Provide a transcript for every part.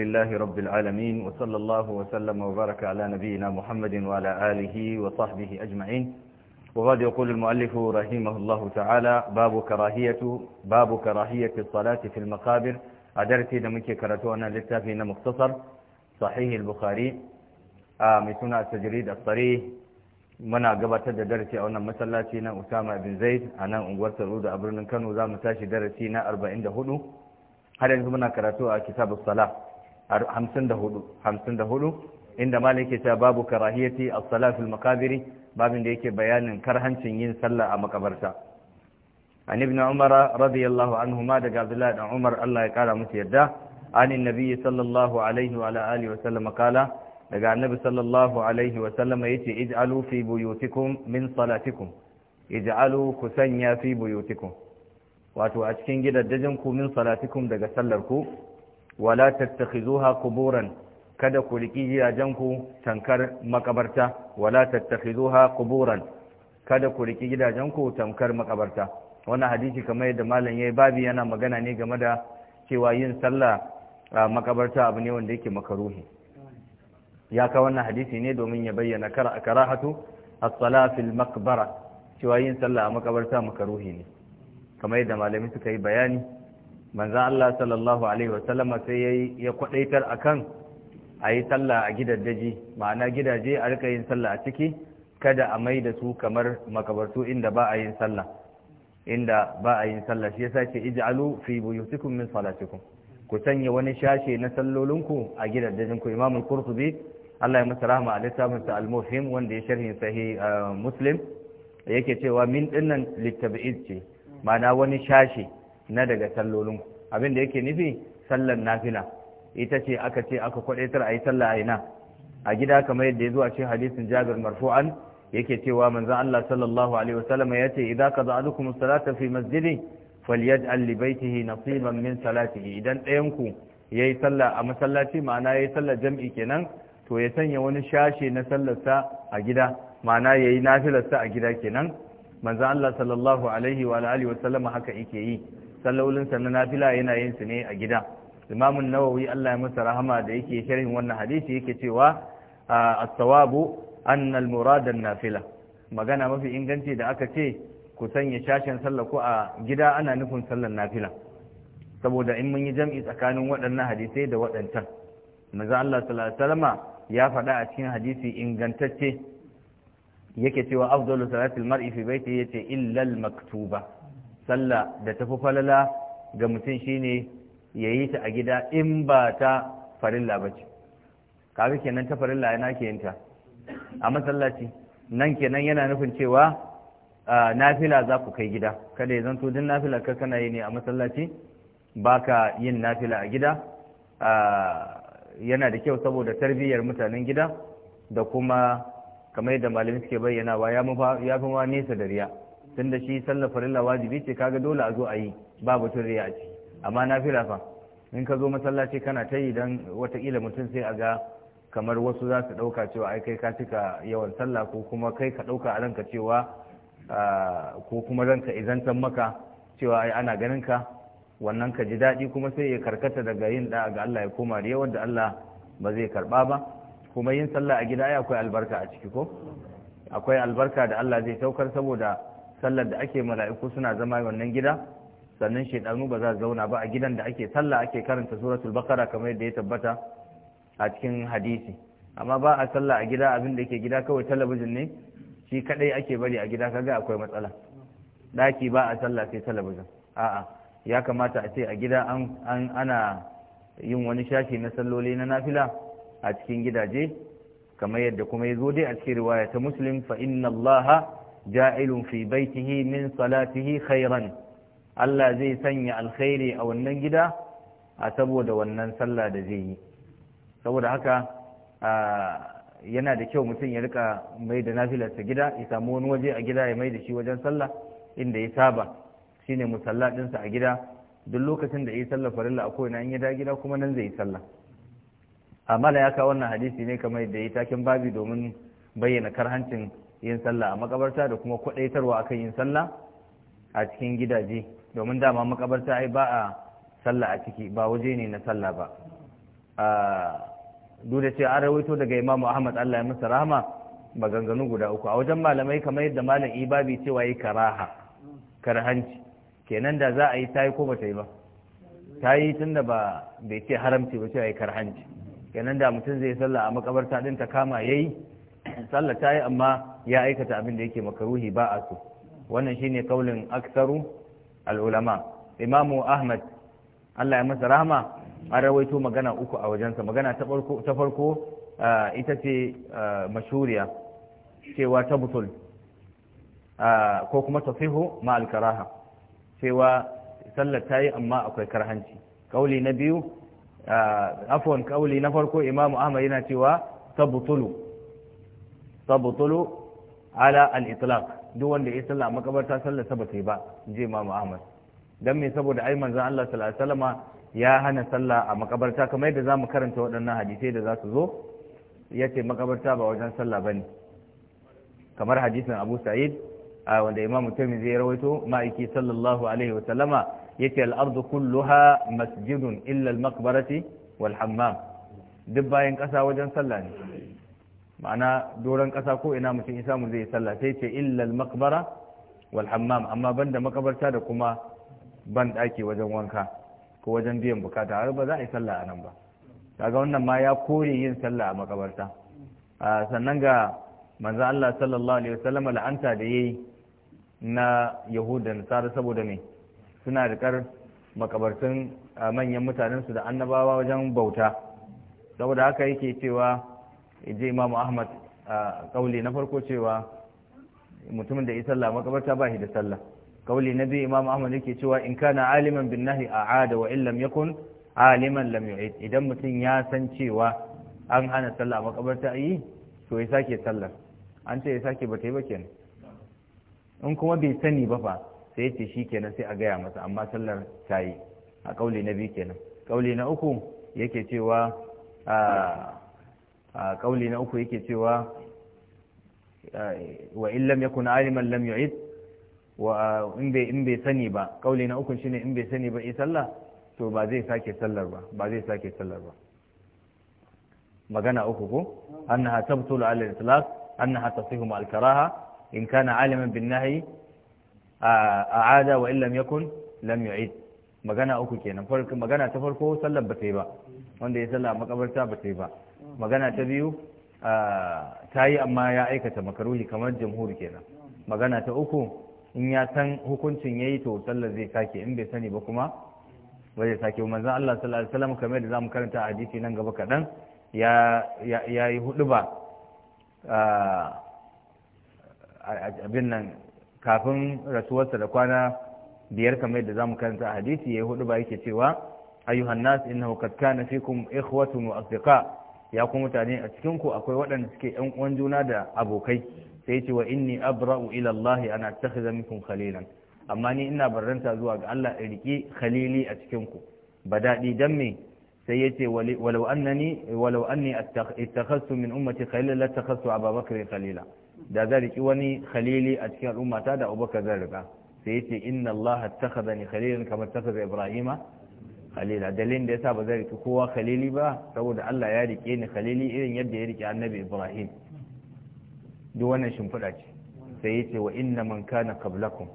لله رب العالمين وصلى الله وسلم وبارك على نبينا محمد وعلى آله وصحبه أجمعين وقد يقول المؤلف رحمه الله تعالى باب كراهية باب كراهية الصلاة في المقابر أدرتي دمك كرتونا للتافين مختصر صحيح البخاري آمتنا التجريد الصريح muna gabatar da darasi a wannan masallaci na Usama bin Zaid a nan unguwar Saruda a birnin Kano za mu tashi darasi na 44 har yanzu muna karatu a kitabus salah hamsin da hudu hamsin da hudu inda malik yake babu karahiyati as-salatu al-makabiri babin da yake bayanin karhancin yin sallah a makabarta an ibn umar radiyallahu anhuma daga abdullahi dan umar Allah ya kara musu yadda an annabi sallallahu alaihi wa alihi wa sallam kala daga annabi sallallahu alaihi wa sallam yace ij'alu fi buyutikum min salatikum ij'alu kusanya fi buyutikum wato a cikin gidajen ku min salatikum daga sallar ku wala tattakhizuha quburan kada ku riki gidajenku tankar makabarta wala tattakhizuha quburan kada ku riki gidajenku tankar makabarta wannan hadisi kamar yadda malam yayi babi yana magana ne game da cewa yin sallah a makabarta abu ne wanda yake makaruhi ya ka wannan hadisi ne domin ya bayyana karahatu as-sala fil maqbara cewa yin sallah a makabarta makaruhi ne kamar yadda malami suka yi bayani manzan Allah sallallahu Alaihi wasallama sai ya kwaɗaitar a kan a yi sallah a gidaddaji ma'ana gidaje a rika yin sallah a ciki kada a mai da su kamar makabartu inda ba a yin sallah inda ba a yin sallah shi yasa ce ij'alu fi buyutikum min ku sanya wani shashe na sallolinku a gidajen ku imamul qurtubi Allah ya masa rahma a littafin sa al-muhim wanda ya sharhi sahih uh, muslim yake cewa min dinnan littabi'id ce ma'ana wani shashe na daga sallolinku abin da yake nufi sallar nafila ita ce aka ce aka kwadaitar a yi sallah a ina a gida kamar yadda ya zo a ce hadisin jabir marfu'an yake cewa manzon Allah sallallahu alaihi wasallam ya ce idza qada ahadukum salata fi masjidi falyaj'al li baytihi nasiban min salatihi idan ɗayan ku yayi sallah a masallaci ma'ana yayi sallar jam'i kenan to ya sanya wani sashe na sallarsa a gida ma'ana yayi nafilarsa a gida kenan manzon Allah sallallahu alaihi wa alihi wasallam haka yake yi sallolinsa na nafila yana yin su ne a gida imamun nawawi Allah ya masa rahama da yake sharhin wannan hadisi yake cewa as-sawabu anna al nafila magana mafi inganci da aka ce ku sanya shashin sallah ko a gida ana nufin sallar nafila saboda in mun yi jam'i tsakanin waɗannan hadisai da waɗancan manzo Allah sallallahu alaihi ya faɗa a cikin hadisi ingantacce yake cewa afdalu salatil mar'i fi baiti yace illa al-maktuba sallah da tafi falala ga mutum shine ya yi ta a gida in ba ta farilla ba ce kaga kenan ta farilla yana ke yinta a masallaci nan kenan yana nufin cewa nafila za ku kai gida kada ya zanto din nafila ka kana yi ne a masallaci ba ka yin nafila a gida yana da kyau saboda tarbiyyar mutanen gida da kuma kamar da malamin suke bayyanawa ya fi ma nesa da riya tun da shi sallar farilla wajibi ce kaga dole a zo a yi ba batun riya a ciki amma fi fa in ka zo masallaci kana ta yi don watakila mutum sai a ga kamar wasu za su ɗauka cewa ai kai ka cika yawan sallah ko kuma kai ka ɗauka a ranka cewa ko kuma ranka san maka cewa ai ana ganin ka wannan ka ji daɗi kuma sai ya karkata daga yin da ga Allah ya koma riya wanda Allah ba zai karɓa ba kuma yin sallah a gida ai akwai albarka a ciki ko akwai albarka da Allah zai saukar saboda sallar da ake mala'iku suna zama wannan gida sannan shaidanu ba za zauna ba a gidan da ake sallah ake karanta suratul bakara kamar yadda ya tabbata a cikin hadisi amma ba a sallah a gida abin da ke gida kawai talabijin ne shi kadai ake bari a gida kaga akwai matsala daki ba a sallah sai talabijin a'a ya kamata a ce a gida an ana yin wani shashi na salloli na nafila a cikin gidaje kamar yadda kuma ya zo dai a cikin riwaya ta muslim fa inna allaha ja'ilun في بيته min salatihi khairan Allah zai sanya alkhairi a wannan gida a saboda wannan sallah da zai yi saboda haka yana da kyau mutum ya rika mai da nafilarsa gida ya samu wani waje a gida ya mai da shi wajen sallah inda ya saba shine musalla ɗinsa a gida duk lokacin da ya yi sallah farilla a kowane an ya da gida kuma nan zai yi sallah amma da ya kawo wannan hadisi ne kamar da ya takin babi domin bayyana karhancin yin sallah a makabarta da kuma kwadaitarwa kan yin sallah a cikin gidaje domin dama makabarta ai ba a sallah a ciki ba waje ne na sallah ba duk da cewa an rawaito daga imamu ahmad allah ya masa rahama maganganu guda uku a wajen malamai kamar yadda malam ibabi cewa yi karaha karhanci kenan da za a yi ta yi ko ba yi ba ta yi tun da ba bai ce haramci ba cewa yi karhanci kenan da mutum zai sallah a makabarta din ta kama yayi sallah ta yi amma ya aikata abin da yake makaruhi ba a so wannan shine kaulin aksaru al'ulama imamu ahmad allah ya masa rahama an rawaito magana uku a wajensa magana ta farko uh, ita ce uh, mashuriya cewa ta butul uh, ko kuma tafihu ma alkaraha cewa sallar ta yi amma akwai karhanci kauli na biyu afwan kauli na farko imamu ahmad yana cewa ta butulu ta butulu ala al-itlaq duk wanda ya sallah makabarta sallar sa bata ba je Ahmad dan me saboda ai manzon Allah sallallahu alaihi ya hana sallah a makabarta kamar yadda zamu karanta waɗannan hadisai da za su zo yace makabarta ba wajen sallah bane kamar hadisin Abu Sa'id wanda Imam Tirmidhi ya rawaito ma'aiki sallallahu alaihi wasallama yace al-ardu kulluha masjidun illa al-maqbarati wal hammam duk bayan ƙasa wajen sallah ne ma'ana doron ƙasa ko ina mutum isa mu zai sallah sai ce illal makbara wal hammam amma banda makabarta da kuma ban ɗaki wajen wanka ko wajen biyan bukata har ba za a yi sallah a nan ba kaga wannan ma ya kore yin sallah a makabarta sannan ga manzo Allah sallallahu alaihi wasallam la'anta da yayi na yahudan nasara saboda ne suna riƙar makabartun manyan mutanen su da annabawa wajen bauta saboda haka yake cewa je imamu ahmad a kauli na farko cewa mutumin da ya sallah makabarta ba shi da sallah kauli na biyu imamu ahmad yake cewa in kana aliman bin nahi ada wa in lam yakun aliman lam idan mutum ya san cewa an hana sallah makabarta yi to ya sake sallar an ce ya sake ba ta yi ba kenan in kuma bai sani ba fa sai ya ce shi kenan sai a gaya masa amma sallar ta yi a kauli na biyu kenan kauli na uku yake cewa ah, a kauli na uku yake cewa wa in lam yakun aliman lam yu'id wa in bai sani ba kauli na uku shine in bai sani ba yi sallah to ba zai sake sallar ba ba zai sake sallar ba magana uku ko annaha tabtulu ala al-itlaq annaha tasihu ma al-karaha in kana aliman bin nahyi a'ada wa in lam yakun lam yu'id magana uku kenan magana ta farko sallar ba ta yi ba wanda ya sallah makabarta ba ta yi ba magana ta biyu ta yi amma ya aikata makaruhi kamar jamhur kenan magana ta uku in ya san hukuncin ya yi to sallar zai sake in bai sani ba kuma ba zai sake manzan Allah sallallahu alaihi wasallam kamar da zamu karanta a hadisi nan gaba kaɗan ya yi hudu ba abin nan kafin rasuwarsa da kwana biyar kamar da zamu karanta a hadisi ya yi hudu ba yake cewa ayyuhan nas innahu qad kana fikum ikhwatun wa asdiqa ya kuma mutane a cikin ku akwai waɗanda suke ƴan uwan juna da abokai sai ce wa inni abra'u ila Allah ana attakhidha minkum khalilan amma ni ina barranta zuwa ga Allah in riki khalili a cikin ku ba daɗi dan me sai yace walau annani walau anni attakhadtu min ummati khalilan la takhadtu Abu Bakr khalila da zan riki wani khalili a cikin al'ummata da Abubakar zan riga sai yace inna Allah attakhadhani khalilan kama attakhadha Ibrahima khalila dalilin da yasa ba zai riki kowa khalili ba saboda Allah ya rike ni khalili irin yadda ya rike annabi Ibrahim duk wannan shimfiɗa ce sai ya ce wa inna man kana qablakum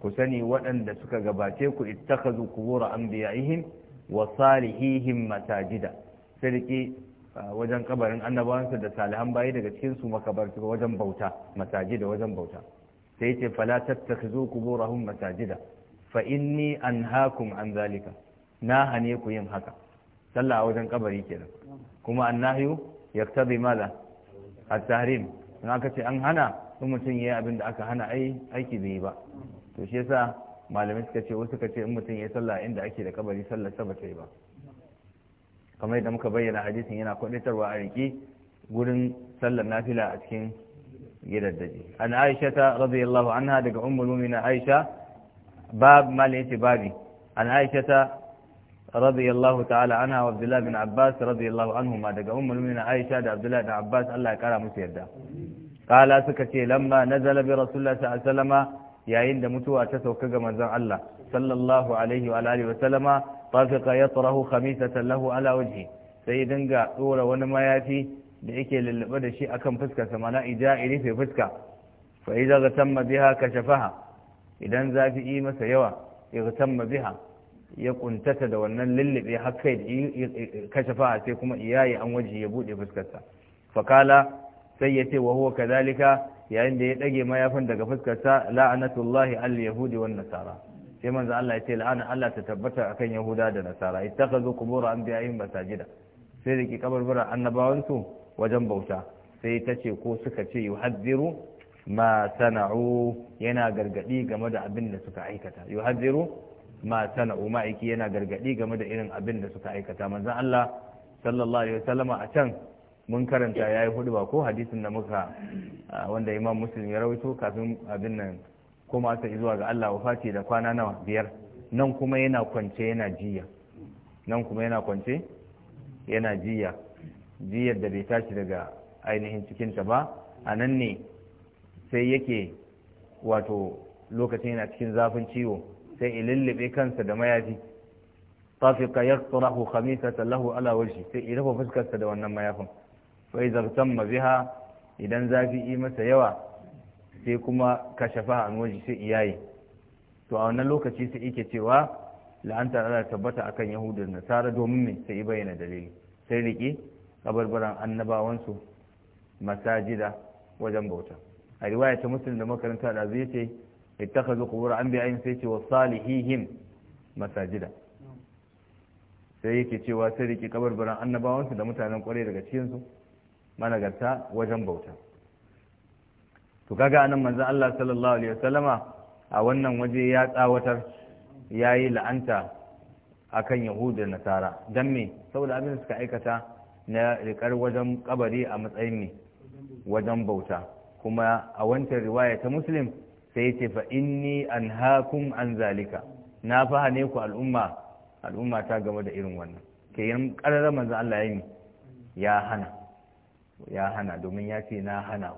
ku sani waɗanda suka gabace ku ittakhadhu qubur anbiya'ihim wa salihihim masajida sai rike wajen kabarin annabawansu da salihan bayi daga cikin su makabarta wajen bauta masajida wajen bauta sai ya ce fala tattakhidhu quburahum masajida fa inni anhaakum an zalika na hane ku yin haka sallah a wajen kabari kenan kuma annahiyu yaktabi mala A tahrim in aka ce an hana in mutum yayi abin da aka hana ai aiki bai ba to shi yasa malamai suka ce wasu suka ce in mutum ya yi sallah inda ake da kabari sallar sa ba ta yi ba kamar yadda muka bayyana hadisin yana kwadatarwa a riki gurin sallar nafila a cikin gidaddaji an aisha ta radiyallahu anha daga ummul mu'minin aisha bab malin babi an aisha ta radiyallahu ta'ala anha wa abdullahi bin abbas radiyallahu anhuma daga ummul mu'minin aisha da abdullahi bin abbas Allah ya kara musu yarda kala suka ce lamma nazala bi rasulullahi sallallahu alaihi wasallama yayin da mutuwa ta sauka ga manzon Allah sallallahu alaihi wa alihi wasallama tafiqa yatrahu khamisatan lahu ala wajhi sai dinga dora wani mayafi da yake lullube da shi akan fuskarsa mana ija'iri fi fuska fa idza ghatamma biha kashafaha idan zafi yi masa yawa igtamma biha ya kuntata da wannan lullube har kai kashe fa'a sai kuma iyaye an waje ya buɗe fuskarsa fakala sai ya ce wa huwa kadhalika yayin da ya dage mayafin daga fuskarsa la'anatullahi al yahudi wan nasara sai manzo Allah ya ce la'ana Allah ta tabbata akan yahuda da nasara ittakhadhu qubur anbiya'ihim masajida sai da ki annabawan annabawansu wajen bauta sai ta ce ko suka ce yuhadhiru ma sana'u yana gargadi game da abin da suka aikata yuhadhiru ma sana'u ma'aiki yana gargadi game da irin abin da suka aikata manzan Allah sallallahu alaihi wasallama a can mun karanta yayi hudu ba ko hadisin da muka wanda Imam Muslim ya rawaito kafin abin nan kuma aka zuwa ga Allah wafati da kwana nawa biyar nan kuma yana kwance yana jiya nan kuma yana kwance yana jiya jiyar da bai tashi daga ainihin cikinta ba a nan ne sai yake wato lokacin yana cikin zafin ciwo sai ya lullube kansa da mayafi tafiqa yaqtarahu khamisatan lahu ala wajhi sai ya rufe fuskarsa da wannan mayafin fa idza tamma biha idan zafi yi masa yawa sai kuma kashafa an waje sai iyaye to a wannan lokaci sai yake cewa la'anta Allah tabbata akan yahudu da nasara domin me sai bayyana dalili sai riƙe kabarbaran annabawansu masajida wajen bauta a riwaya ta muslim da makaranta da zai ce ittakhadhu qubur anbiya'in sai ce wa salihihim masajida sai yake cewa sai riki kabarbaran annabawansu da mutanen kwarai daga cikin su managarta wajen bauta to kaga anan manzon Allah sallallahu alaihi wasallama a wannan waje ya tsawatar yayi la'anta akan yahudu da nasara dan me saboda abin da suka aikata na rikar wajen kabari a matsayin ne wajen bauta kuma a wancan riwaya ta muslim sai ce fa inni hakun an zalika na fahane ku al'umma al'umma ta game da irin wannan ke yan ƙararra manzo Allah yayi ya hana ya hana domin ya ce na hana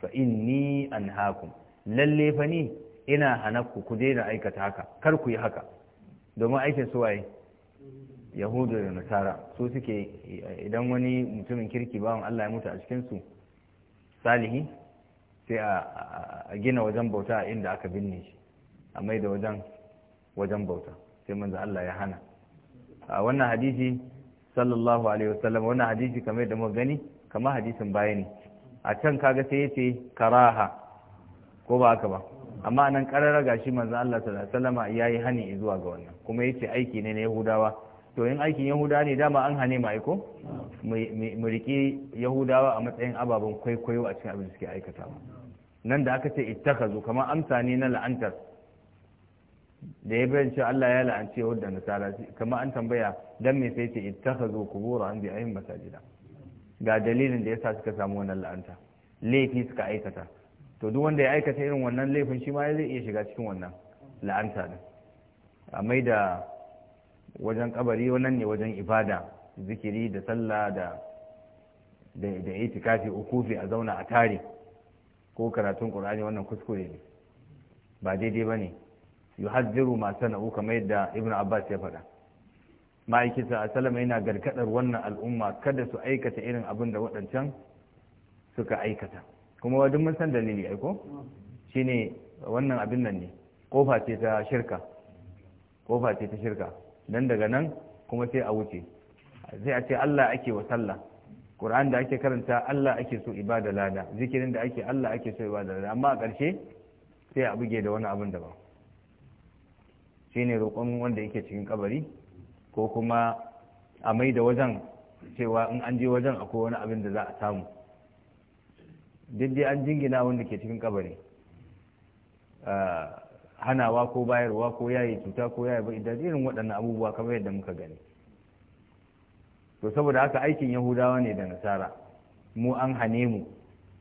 fa inni hakun. lalle fa ni ina hana ku ku daina aikata haka kar ku yi haka domin aikin su waye yahudu da nasara su suke idan wani mutumin kirki bawan Allah ya mutu a cikin su salihi sai a gina wajen bauta a inda aka binne shi a mai da wajen wajen bauta sai manzo Allah ya hana a wannan hadisi sallallahu alaihi wasallam wannan hadisi kamar da muka gani kamar hadisin baya ne a can kaga sai yace karaha ko ba haka ba amma anan karara gashi manzo Allah sallallahu alaihi wasallam yayi hani zuwa ga wannan kuma yace aiki ne na Yahudawa to in aikin Yahudawa ne dama an hane mai ko mu riki Yahudawa a matsayin ababen kwaikwayo a cikin abin da suke aikatawa nan da aka ce ittakazu kamar amsa ne na la'antar da ya bayan cewa Allah ya la'anci Yahud da Nasara kamar an tambaya dan me sai ce ittakazu qubur an bi masajida ga dalilin da yasa suka samu wannan la'anta laifi suka aikata to duk wanda ya aikata irin wannan laifin shi ma zai iya shiga cikin wannan la'anta din a mai da wajen kabari wannan ne wajen ibada zikiri da sallah da da itikafi ukufi a zauna a tare ko karatun qur'ani wannan kuskure ne ba daidai ba ne yuhazziru ma sana'u kamar yadda ibnu abbas ya faɗa ma'aikata a salama yana gargadar wannan al'umma kada su aikata irin abin da waɗancan suka aikata kuma wajen mun san dalili aiko shine wannan abin nan ne kofa ce ta shirka kofa ce ta shirka dan daga nan kuma sai a wuce sai a ce Allah ake wa sallah Qur'an da ake karanta Allah ake so ibada lada zikirin da ake Allah ake so ibada lada amma a ƙarshe sai a buge da wani abin daban ne roƙon wanda yake cikin kabari ko kuma a mai da wajen cewa in an je wajen akwai wani abin da za a samu duk dai an jingina wanda ke cikin kabari hanawa ko bayarwa ko yayi cuta ko yayi ba idan irin waɗannan abubuwa kamar yadda muka gani to saboda haka aikin yahudawa ne da nasara mu an hane mu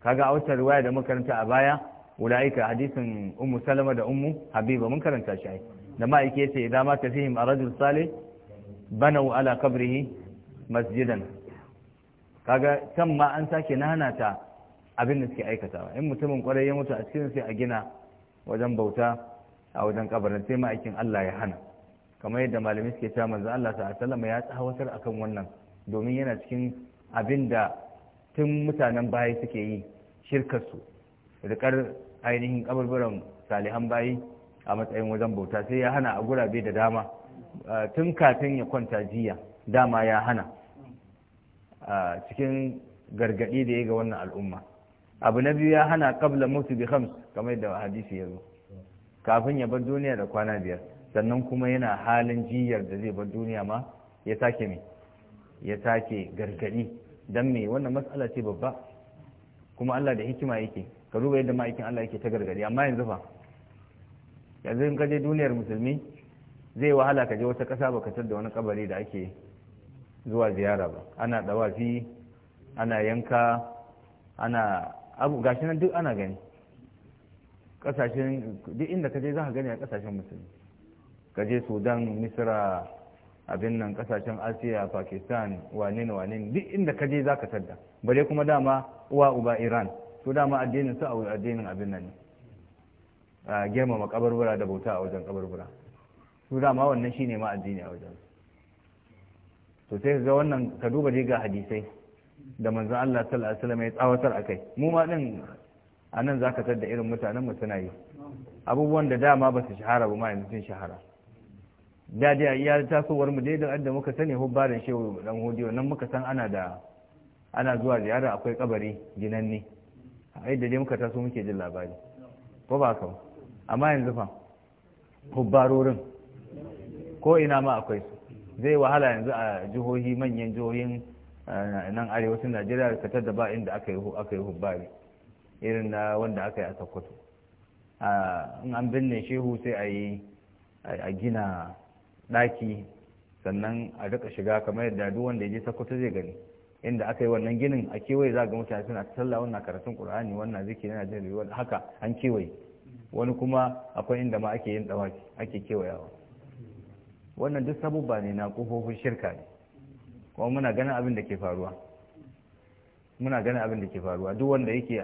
kaga a wata riwaya da makaranta a baya ulaika hadisin ummu salama da ummu habiba mun karanta shi ai da yake yace idan ma fihim arajul salih banau ala qabrihi masjidan kaga can ma an sake nana ta abin da suke aikatawa in mutumin kwarai ya mutu a cikin sai a gina wajen bauta a wajen kabarin sai ma'aikin Allah ya hana kamar yadda malamai suke cewa manzo Allah sallallahu ya tsawatar akan wannan domin yana cikin abin da tun mutanen baya suke yi shirkarsu rikar ainihin kaburburan salihan bayi a matsayin wajen bauta sai ya hana a gurabe da dama tun kafin ya kwanta jiya dama ya hana cikin gargaɗi da ya ga wannan al'umma abu na biyu ya hana kabla mutu bi khams kamar da hadisi ya zo kafin ya bar duniya da kwana biyar sannan kuma yana halin jiyar da zai bar duniya ma ya sake mai ya sake gargadi dan me wannan matsala ce babba kuma Allah da hikima yake ka duba yadda ma'aikin Allah yake ta gargadi amma yanzu fa yanzu in ka duniyar musulmi zai wahala ka je wata kasa ba tar da wani kabari da ake zuwa ziyara ba ana dawafi ana yanka ana abu gashi nan duk ana gani kasashen duk inda ka je za ka gani a kasashen musulmi ka je sudan misra abin nan kasashen asiya pakistan wane ne wane ne duk inda ka je zaka tadda bare kuma dama uwa uba iran to dama addinin su a addinin abin nan ne a girmama kaburbura da bauta a wajen kabarbura su dama wannan shine ma addini a wajen to sai ga wannan ka duba dai ga hadisai da manzo Allah sallallahu alaihi wasallam ya tsawatar akai mu ma din anan zaka tadda irin mutanen mu suna yi abubuwan da dama ba su shahara ba ma yanzu sun shahara da a iya tasowar mu daidan adda muka sani hubbaran shehu dan hudi nan muka san ana da ana zuwa ziyara akwai kabari ginanne a yadda dai muka taso muke jin labari ko ba ka amma yanzu fa hubbarorin ko ina ma akwai su zai wahala yanzu a jihohi manyan jihohin eh, nan arewacin najeriya ka da ba inda aka yi aka yi hubbari irin na wanda aka yi a sokoto ah, in an binne shehu sai a yi a gina ɗaki sannan a rika shiga kamar yadda duk wanda ya je sakkwato zai gani inda aka yi wannan ginin a kewaye za ga mutane suna sallah wannan karatun qur'ani wannan zikiri yana jin riwaya haka an kewaye wani kuma akwai inda ma ake yin dawaki ake kewayawa wannan duk sabubba ne na kofofin shirka ne kuma muna ganin abin da ke faruwa muna ganin abin da ke faruwa duk wanda yake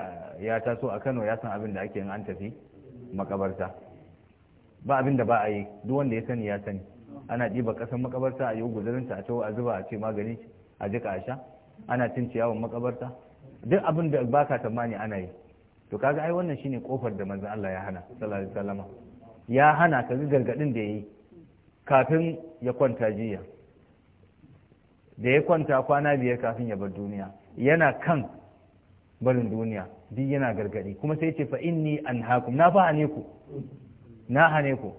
ya taso a Kano ya san abin da ake yin an tafi makabarta ba abin da ba a yi duk wanda ya sani ya sani ana ɗiba ƙasar makabarta a yi guzurinta a cewa a zuba a ce magani a jika a sha ana cin ciyawan makabarta duk abin da baka tamani ana yi to kaga ai wannan shine kofar da manzon Allah ya hana sallallahu alaihi wasallam ya hana ka ga gargadin da yayi kafin ya kwanta jiya da ya kwanta kwana biyar kafin ya bar duniya yana kan barin duniya duk yana gargadi kuma sai ce fa inni anhaakum na fa ku na hane ku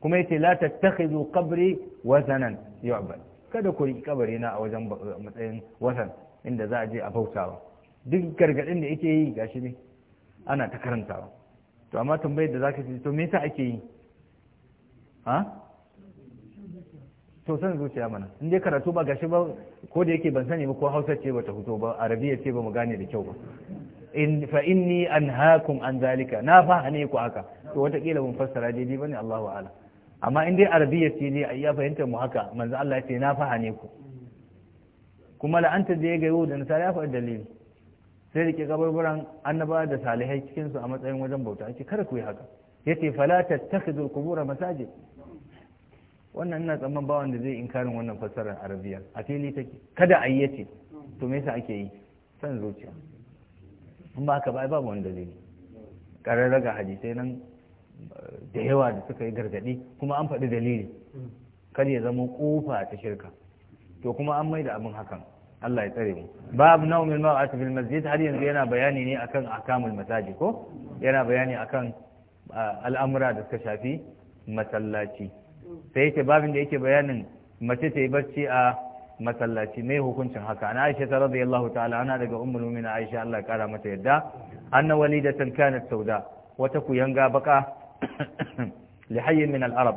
kuma yace la tattakhidhu qabri wazanan yu'bad kada ku riƙi kabari na a wajen matsayin wasan inda za a je a bautawa duk gargadin da yake yi gashi ne ana ta karantawa to amma tambayar da zaka ce to me yasa ake yi ha to san zuciya mana in dai karatu ba gashi ba ko da yake ban sani ba ko Hausa ce ba ta fito ba Arabiya ce ba mu gane da kyau ba in fa inni anhaakum an zalika na fa hane ku haka to wata kila mun fassara daidai bane Allahu a'lam amma in dai arabiya ce ne ya fahimta mu haka manzo Allah ya ce na fahane ku kuma la'anta da ya gayo da nasara ya faɗi dalili sai rike gabarburan annaba da salihai cikin su a matsayin wajen bauta ake kar ku yi haka yace fala tattakhidul qubura masajid wannan ina tsamman bawan da zai inkarin wannan fassarar arabiya a fili take kada a yace to me yasa ake yi san zuciya in ba haka ba babu wani zai kararraga hadisai nan da yawa da suka yi gargaɗi kuma an faɗi dalili kar ya zama kofa ta shirka to kuma an mai da abin hakan Allah ya tsare mu babu nawa ma'at fil masjid har yanzu yana bayani ne akan akamul masajid ko yana bayani akan al'amura da suka shafi masallaci sai yake babin da yake bayanin mace ta yi barci a masallaci mai hukuncin haka an aisha ta radiyallahu ta'ala ana daga ummul mu'minin aisha Allah ya kara mata yadda anna walidatan kanat sauda wata kuyanga baka lihayi min al'arab, arab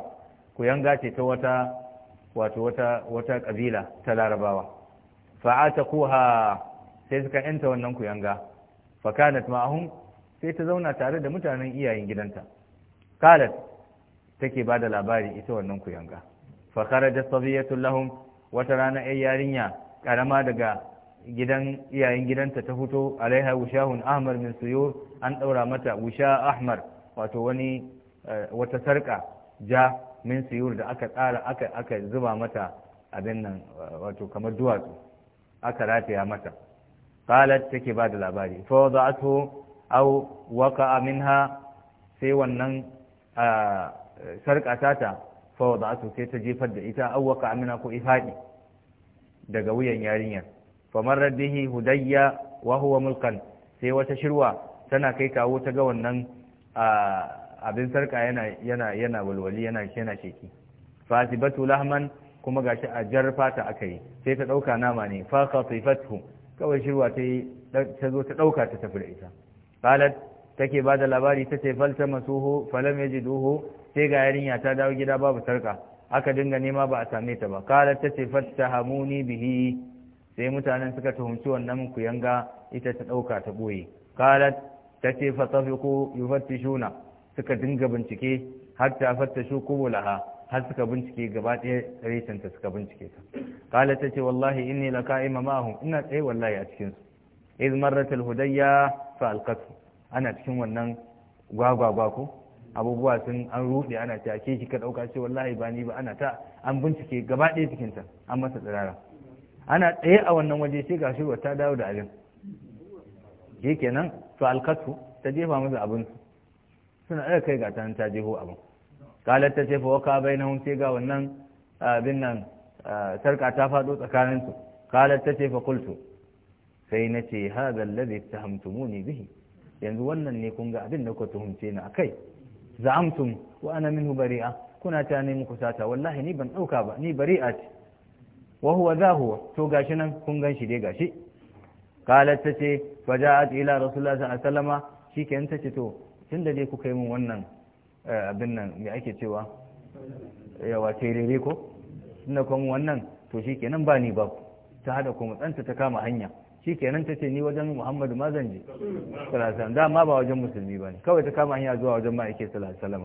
ku yanga ce ta wata wato wata wata kabila ta larabawa fa'ataquha sai suka yanta wannan ku yanga Fakanat ma'ahun, sai ta zauna tare da mutanen iyayen gidanta kalat take bada labari ita wannan ku yanga fa kharajat sabiyatu lahum wata rana ai yarinya karama daga gidan iyayen gidanta ta fito alaiha wushahun ahmar min suyur an ɗaura mata wusha ahmar wato wani eh, wata sarka ja min siyur da aka tsara aka aka zuba mata abin nan eh, wato kamar duwatsu aka rataya mata qalat take ba da labari fa wada'athu aw waqa'a minha sai wannan eh, sarka tata fa wada'athu sai ta jefar da ita aw waqa'a minha ko ifadi daga wuyan yarinyar fa marradihi bihi hudayya wa huwa mulkan sai wata shirwa tana kai kawo ta ga wannan abin sarka yana walwali yana yana sheki fatibatu lahman kuma gashi a jar fata aka yi sai ta dauka nama ne fa qatifathu kawai shirwa ta yi ta zo ta dauka ta tafi da ita qalat take ba da labari ta ce falta masuhu falam yajiduhu sai ga yarinya ta dawo gida babu sarka aka dinga nema ba a same ta ba qalat ta ce fattahamuni bihi sai mutanen suka tuhumci wannan kuyanga ita ta dauka ta ɓoye qalat ta ce fasafiku yufattishuna suka dinga bincike har ta fattashu kubulaha har suka bincike gaba ɗaya reshen ta suka bincike ta kala ta ce wallahi inni la ka'ima maahu ina tsaye wallahi a cikin su iz marrat al hudayya fa alqatu ana cikin wannan gwagwagwa ko abubuwa sun an rude ana ta ke shi ka dauka ce wallahi ba ni ba ana ta an bincike gaba ɗaya cikin ta an masa tsirara ana tsaye a wannan waje sai gashi ta dawo da abin shi kenan to alkatu ta jefa musu abin suna aka kai ga ta ta jeho abin kalar ta ce fa waka bai na hunce ga wannan abin nan sarka ta faɗo su kalar ta ce fa kultu sai na ce haɗa lalazi ta ne bihi yanzu wannan ne kun ga abin da ku tuhumce ni akai za'amtum wa ana minhu bari'a kuna ta ne muku sata wallahi ni ban ɗauka ba ni bari'a ce wa huwa za huwa to gashi nan kun gan shi dai gashi kalar ta ce faja'at ila rasulullahi sallallahu alaihi wasallama shikenan ce to tunda dai kuka yi min wannan abin nan me ake cewa yawa terere ko tunda kuma wannan to shikenan ba ni ba ta hada kuma tsanta ta kama hanya shikenan tace ni wajen Muhammadu ma zan je sallallahu alaihi wasallam dama ba wajen musulmi bane kawai ta kama hanya zuwa wajen ma'aikin sallallahu alaihi wasallam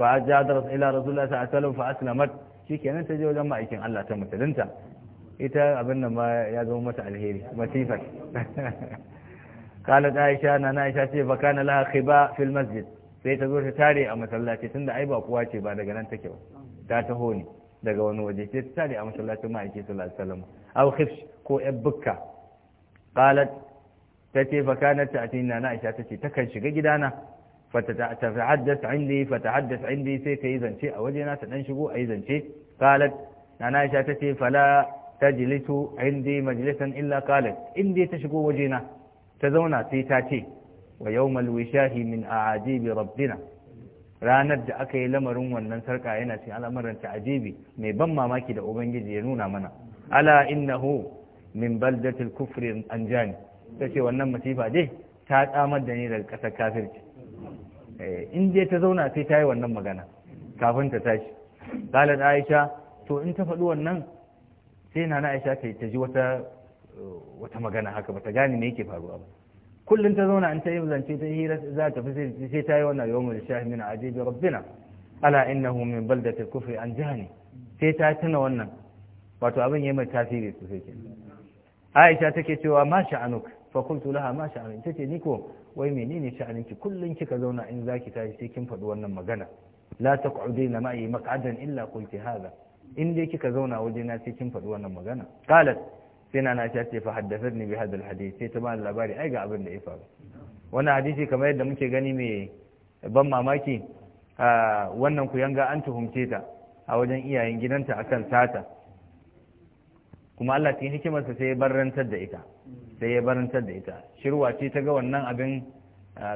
fa ja'at ila rasulullahi sallallahu alaihi wasallam fa aslamat shikenan ta je wajen ma'aikin Allah ta mutunta ita abin nan ma ya zama mata alheri masifar kalat aisha na aisha ce fa kana laha khiba fil masjid sai ta zo ta tare a masallaci tunda ai ba kowa ce ba daga nan take ba ta taho ne daga wani waje sai ta tare a masallacin ma'aiki sallallahu alaihi wasallam aw khifsh ko yabbukka qalat ce fa kanat ati na aisha ce ta kan shiga gidana fa haddas indi fa ta'addas indi sai ta yi zance a na ta dan shigo a yi zance qalat na aisha ta ce fala tajlisu indi majlisan illa qalat indi ta shigo wajena ta zauna sai ta ce wa yawmal wishahi min a'ajibi rabbina ranar da aka yi lamarin wannan sarka yana cikin al'amuran ta'ajibi mai ban mamaki da ubangiji ya nuna mana ala innahu min baldatil kufri anjani ce wannan masifa dai ta tsamar da ni daga ƙasar kafirci eh, in dai ta zauna sai ta yi wannan magana kafin ta tashi qalat aisha to in ta faɗi wannan sai na na aisha ta ji wata wata magana haka bata gane me yake faruwa ba kullum ta zauna an ta yi zance ta hira za ta fi sai ta yi wannan yawon shahi min ajibi rabbina ala innahu min baldatil kufri an jahani sai ta tuna wannan wato abin yayi mai tasiri sai ke Aisha take cewa ma sha'anuk fa qultu laha ma sha'anuk tace ni ko wai menene sha'aninki kullum kika zauna in zaki tashi sai kin faɗi wannan magana la taq'udina ma'i maq'adan illa qulti hadha in dai kika zauna na sai kin faɗi wannan magana qalat sai na na ce fa haddasar ne bi hadal hadisi sai ta bani labari ai ga abin da ya faru wannan hadisi kamar yadda muke gani mai ban mamaki wannan ku yanga an tuhumce ta a wajen iyayen gidanta akan sata kuma Allah cikin hikimarsa sai ya barantar da ita sai ya barantar da ita shirwa ce ta ga wannan abin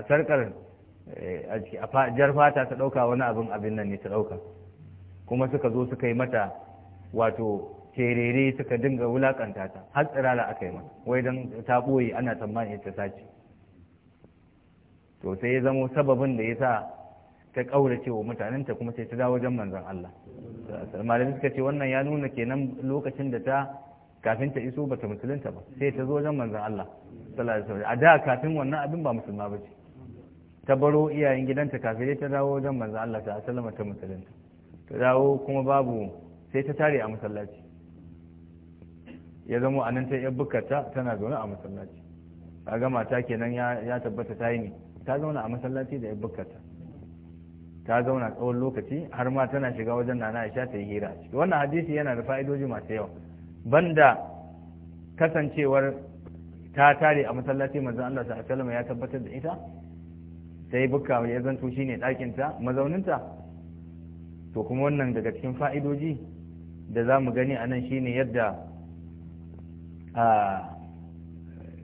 sarkar a eh, jar fata ta ɗauka wani abin abin nan ne ta ɗauka kuma suka zo suka yi mata wato terere suka dinga wulakanta ta har tsirara aka yi mata wai don ta ɓoye ana tsammanin ta sace to sai ya zamo sababin da ya sa ta ƙaurace wa ta kuma sai ta dawo wajen manzon Allah malamin suka ce wannan ya nuna kenan lokacin da ta kafin ta iso bata musulunta ba sai ta zo wajen manzon Allah sallallahu alaihi wasallam a da kafin wannan abin ba musulma ba ce ta baro iyayen gidanta kafin ta dawo wajen manzon Allah sallallahu alaihi wasallam ta musulunta ta dawo kuma babu sai ta tare a masallaci ya zama a nan ta yi bukata tana zaune a masallaci a ga mata kenan ya tabbata ta yi ne ta zauna a masallaci da ya bukata ta zauna tsawon lokaci har ma tana shiga wajen nana aisha ta yi hira ciki wannan hadisi yana da fa'idoji masu yawa banda kasancewar ta tare a masallaci manzon Allah sallallahu alaihi ya tabbatar da ita sai bukka ya zanto shine ɗakin ta mazauninta to kuma wannan daga cikin fa'idoji da za mu gani a nan shine yadda Ah,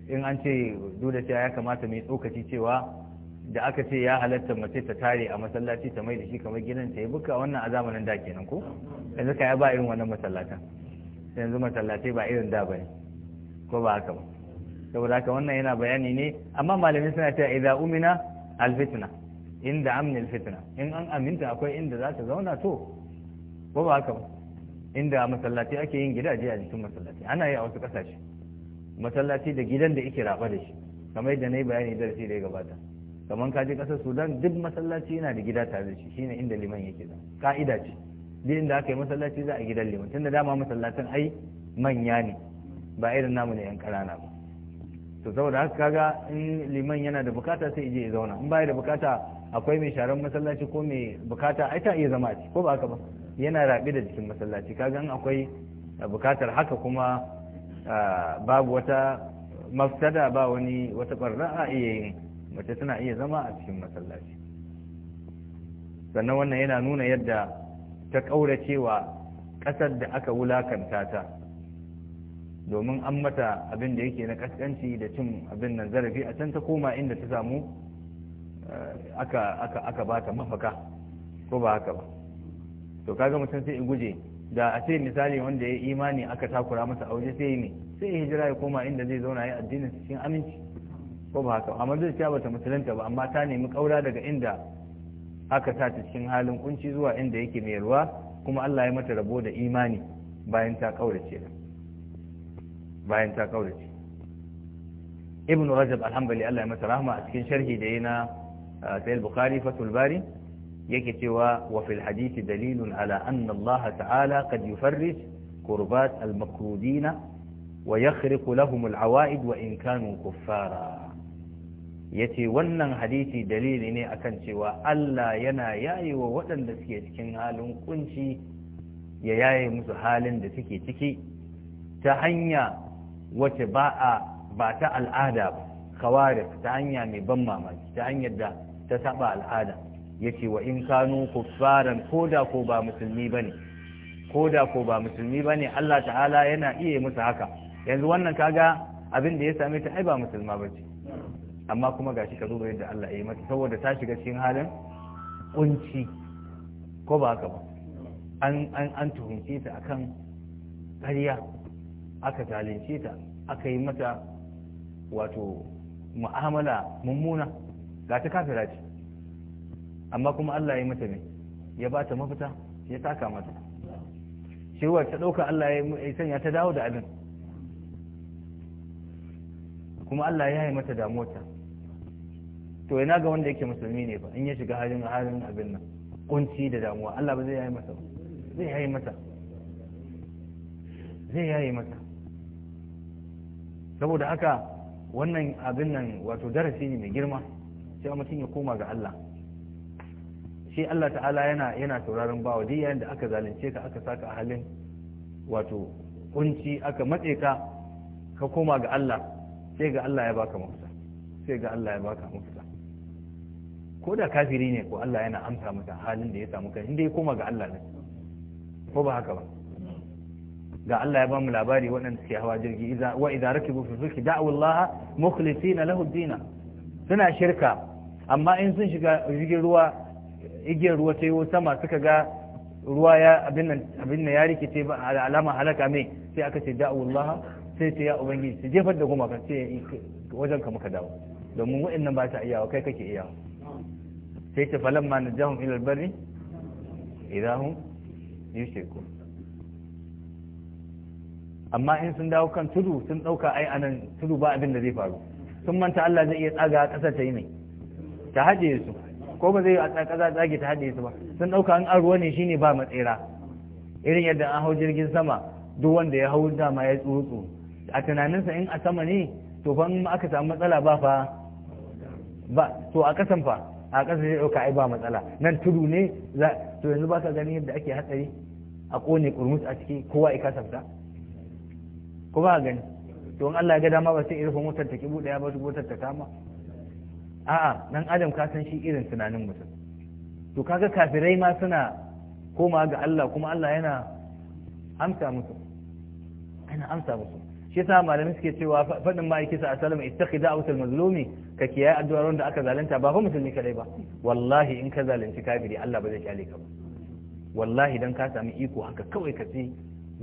in an ce duk da cewa ya kamata mai tsokaci cewa da aka ce ya halatta mace ta tare a masallaci ta mai da shi kamar gidan ta yi buka wannan a zamanin da kenan ko yanzu ka ya ba irin wannan masallatan yanzu masallatai ba irin da bane ko ba haka ba saboda haka wannan yana bayani ne amma malamai suna cewa idza umina alfitna inda amnil fitna in an aminta akwai inda za ta zauna to ko ba haka ba inda masallaci ake yin gidaje a jikin masallaci ana yi a wasu kasashe masallaci da gidan da yake raba da shi kamar yadda na yi bayani darasi da ya gabata kamar ka je kasar sudan duk masallaci yana da gida tare da shi shine inda liman yake da ka'ida ce duk inda aka yi masallaci za a gidan liman tunda dama masallacin ai manya ne ba irin namu ne yan ƙanana ba to saboda haka kaga in liman yana da bukata sai je ya zauna in baya da bukata akwai mai sharan masallaci ko mai bukata ai ta iya zama a ko ba haka ba yana rabe da jikin masallaci kagan akwai eh, bukatar haka kuma eh, babu wata mafsada ba wani wata barna a iya yin mace tana iya zama a cikin masallaci sannan wannan yana nuna yadda ta ƙauracewa ƙasar da aka wulakanta ta domin an mata abin da yake na kaskanci da cin abin nan zarafi a can ta koma inda ta samu eh, aka bata mafaka ko ba haka ba to ka ga mutum sai in guje da a ce misali wanda ya imani aka takura masa auje sai yi ne sai ya hijira ya koma inda zai zauna ya addinin cikin aminci ko ba haka amma zai ta bata musulunta ba amma ta nemi kaura daga inda aka sa ta cikin halin kunci zuwa inda yake mai ruwa kuma Allah ya mata rabo da imani bayan ta kaurace bayan ta kaurace ibn rajab alhamdulillah Allah ya mata rahma a cikin sharhi da yana ah, sayyid bukhari fatul bari yake cewa wa fil haditi dalilun ala anna Allah ta'ala qad yufarrij qurbat al makrudina wa yakhriqu lahum al awaid wa in kanu kuffara yace wannan hadisi dalili ne akan cewa Allah yana yayewa waɗanda suke cikin halin kunci ya yaye musu halin da suke ciki ta hanya wace ba a ba ta al'ada ba ta hanya mai ban mamaki ta hanyar da ta saba al'ada yace wa in kanu kuffaran koda ko ba musulmi bane koda ko ba musulmi bane Allah ta'ala yana iya musu haka yanzu wannan kaga abin da ya same ta ai ba musulma bace amma kuma gashi ka duba yadda Allah ya yi mata saboda ta shiga cikin halin kunci ko ba haka ba an an an tuhunce ta akan ƙarya aka zalunce ta aka yi mata wato mu'amala mummuna ga ta kafira ce amma kuma Allah ya mata ne ya ba ta mafita ya taka mata wa ta ɗauka Allah ya sanya ta dawo da abin kuma Allah ya yi mata damuwarta to ina ga wanda yake musulmi ne ba in ya shiga halin halin abin nan kunci da damuwa Allah ba zai yi masa zai yi mata zai yi masa saboda haka wannan abin nan wato darasi ne mai girma sai mutum ya koma ga Allah shi Allah ta'ala yana yana sauraron bawa duk yayin da aka zalunce ka aka saka a halin wato kunci aka matse ka ka koma ga Allah sai ga Allah ya baka mafita sai ga Allah ya baka mafita ko da kafiri ne ko Allah yana amsa maka halin da ya samu kai inda ya koma ga Allah ne ko ba haka ba ga Allah ya ba mu labari waɗanda suke hawa jirgi idza wa idza rakibu fi fulki da'u Allah mukhlisina lahu dina suna shirka amma in sun shiga jirgin ruwa igiyar ruwa ta yi sama suka ga ruwa ya abin nan ya rikice ba alama halaka mai sai aka ce da'awullah sai ce ya ubangiji su jefar da gumaka sai wajen ka muka dawo domin wa'annan ba ta iyawa kai kake iyawa sai ce falan ma najahum ilal bari idahum yushriku amma in sun dawo kan tudu sun dauka ai anan tudu ba abin da zai faru sun manta Allah zai iya tsaga kasar ta yi mai ta haje su ko ba zai a kaza tsage ta haɗe su ba sun ɗauka an ruwa ne shine ba matsera irin yadda an hau jirgin sama duk wanda ya hau dama ya tsotso a tunaninsa in a sama ne to fa in aka samu matsala ba fa ba to a kasan fa a kasan zai ɗauka ai ba matsala nan tudu ne to yanzu ba ka gani yadda ake hatsari a kone kurmus a ciki kowa ya kasafta ko ba gani to in Allah ya ga dama ba sai irin motar ta ki buɗe ya ba su wutar ta kama a'a nan adam ka san shi irin tunanin mutum to kaga kafirai ma suna koma ga Allah kuma Allah yana amsa musu yana amsa musu shi yasa malami suke cewa fadin ma'aiki sa sallama ittakhidha da'watul mazlumi ka kiyaye addu'ar wanda aka zalunta ba fa musulmi kadai ba wallahi in ka zalunci kafiri Allah ba zai kyale ka ba wallahi dan ka sami iko haka kawai ka ci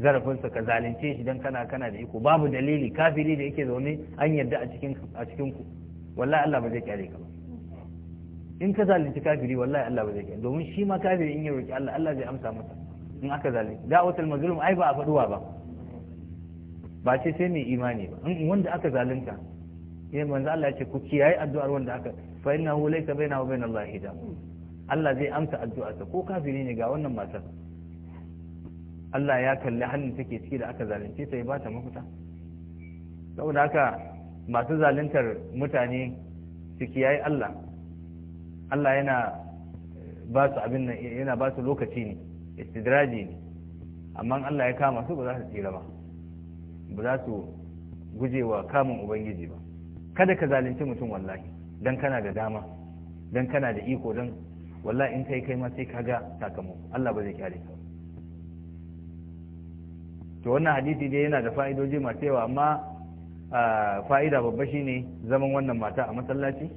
zarafinsa ka zalunce shi dan kana kana da iko babu dalili kafiri da yake zaune an yarda a cikin a cikin ku wallahi Allah ba zai kyale ka ba in ka zalunci kafiri wallahi Allah ba zai kyale domin shi ma kafiri in ya roki Allah Allah zai amsa masa in aka zalunci da'watul mazlum ai ba a faduwa ba ba ce sai mai imani ba in wanda aka zalunta sai manzo Allah ya ce ku kiyaye addu'ar wanda aka fa innahu laysa bainahu wa Allah hijab Allah zai amsa addu'arsa ko kafiri ne ga wannan matar Allah ya kalli hannun take ciki da aka zalunce sai ba ta mafita saboda haka masu zaluntar mutane su kiyaye Allah Allah yana ba su abin nan yana ba su lokaci ne istidraji ne amma Allah ya kama su ba za su tsira ba ba za su guje wa kamun ubangiji ba kada ka zalunci mutum wallahi dan kana da dama dan kana da iko dan wallahi in kai kai ma sai kaga sakamako Allah ba zai kyale ka to wannan hadisi dai yana da fa'idoji masu yawa amma fa'ida babba shine zaman wannan mata a masallaci